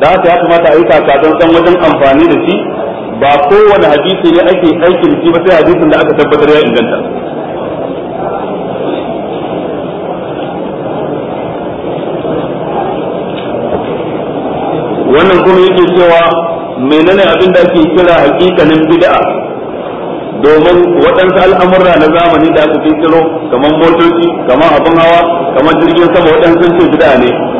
da haka ya kamata a yi kakadan wajen amfani da shi ba kowane hadisi ne ake aiki da shi ba sai hadisin da aka tabbatar ya inganta wannan kuma yake cewa menene abin da ake kira hakikanin bid'a domin waɗansu al'amurra na zamani da aka fi kiro kamar motoci kamar abin hawa kamar jirgin sama waɗansu ce bid'a ne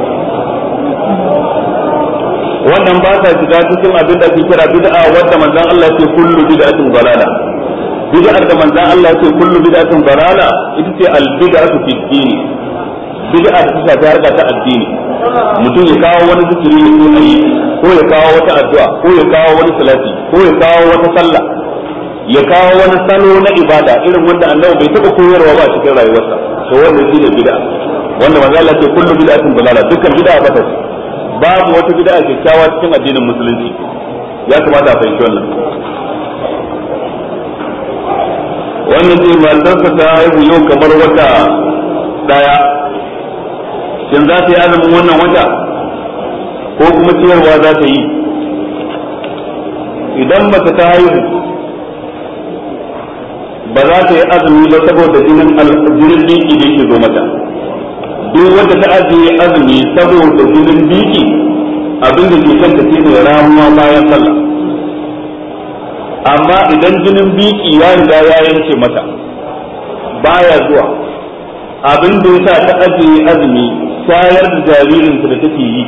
wannan ba sa shiga cikin abin da ake kira bid'a wanda manzon Allah ya ce kullu bid'atin dalala bid'ar da manzon Allah ya ce kullu bid'atin dalala ita ce al bid'atu fi dini bid'a da ta ta harka ta addini mutum ya kawo wani zikiri ne ko ayi ko ya kawo wata addu'a ko ya kawo wani salati ko ya kawo wata sallah ya kawo wani salo na ibada irin wanda annabi bai taɓa koyarwa ba cikin rayuwarsa to wannan shine bid'a wanda manzo Allah ce kullu bid'atin dalala dukkan bid'a ba ta ce babu wata bid'a kyakkyawa cikin addinin musulunci ya kamata a fahimci wannan wannan ce matarsa ta haihu yau kamar wata daya shin za ta yi azumin wannan wata ko kuma ciyarwa za ta yi idan mace ta haihu ba za ta yi azumi ba saboda jinin jinin dinki da yake zo mata duk wanda ta ajiye azumi saboda gudun biki abin ke kanta ta ramuwa bayan sallah amma idan jinin biki ya riga ya yanke mata baya zuwa abinda ya sa ta ajiye azumi sayar da jaririnta da take yi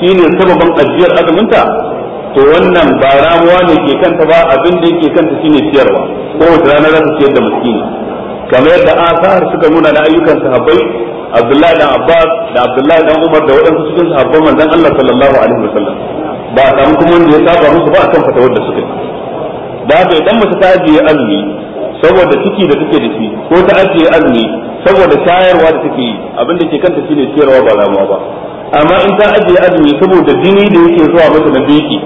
shine sababin ajiyar azuminta to wannan ba ramuwa ne ke kanta ba abin da yake kanta shine ciyarwa ko wata rana za ta ciyar da miskini kamar yadda asar suka nuna na ayyukan sahabbai abdullahi dan abbas da abdullahi dan umar da waɗansu cikin sahabban manzon Allah sallallahu alaihi wasallam ba a samu kuma wanda ya saba musu ba akan fatawar da suka yi da haka idan mace ta ajiye azumi saboda ciki da take da shi ko ta ajiye azumi saboda shayarwa da take yi abin da ke kanta shine ciyarwa ba ramuwa ba amma in ta ajiye azumi saboda jini da yake zuwa mata na biki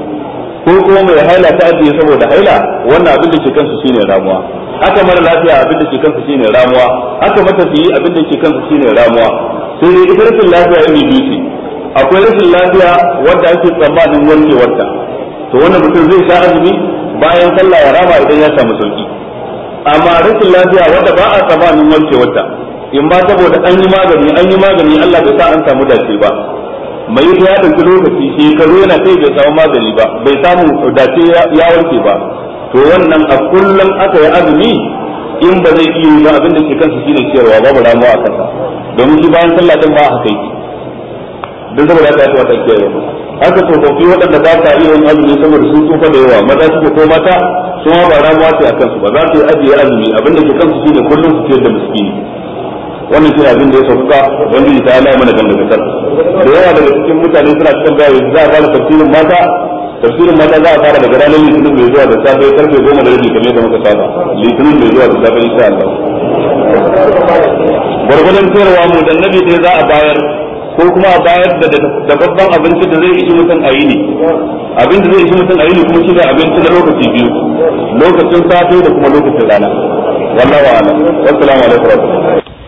ko kuma mai haila ta ajiye saboda haila wannan abin da ke kansu shine ramuwa haka mara lafiya abin da ke kansu shine ramuwa haka matafiyi abin da ke kansu shine ramuwa sai dai ita rashin lafiya ne biyu ce akwai rashin lafiya wanda ake tsammanin warkewarta to wannan mutum zai sha azumi bayan sallah ya rama idan ya samu sauki amma rashin lafiya wanda ba a tsammanin warkewarta in ba saboda an yi magani an yi magani Allah bai sa an samu dace ba mai ya ɗauki lokaci shekaru yana kai bai samu magani ba bai samu dace ya warke ba to wannan a kullum aka yi azumi in ba zai iya ba abin da ke kansa shine cewa babu ramuwa a kansa domin shi bayan sallah din ba a kai yake duk saboda ta yi wata kiyaye haka tsofaffi waɗanda ba ta iya yin azumi saboda sun tsufa da yawa maza suke ko mata su ma ba ramuwa ta a kansu ba za su yi ajiye azumi abin da ke kansu shine kullum su ciyar da miskini wannan shi abin da ya sauka ubangiji ta yana mana ganda kasar da yawa daga cikin mutane suna cikin gawa za a fara tafsirin mata tafsirin mata za a fara daga ranar litinin mai zuwa da safe karfe goma da rabi kamar yadda muka saba litinin mai zuwa da safe insha Allah gwargwadon sayarwa mu dan nabi dai za a bayar ko kuma a bayar da dababban abinci da zai ishi mutum a yini abin da zai ishi mutum a yini kuma shi ne abinci na lokaci biyu lokacin safe da kuma lokacin rana wallahu a'lam wassalamu alaikum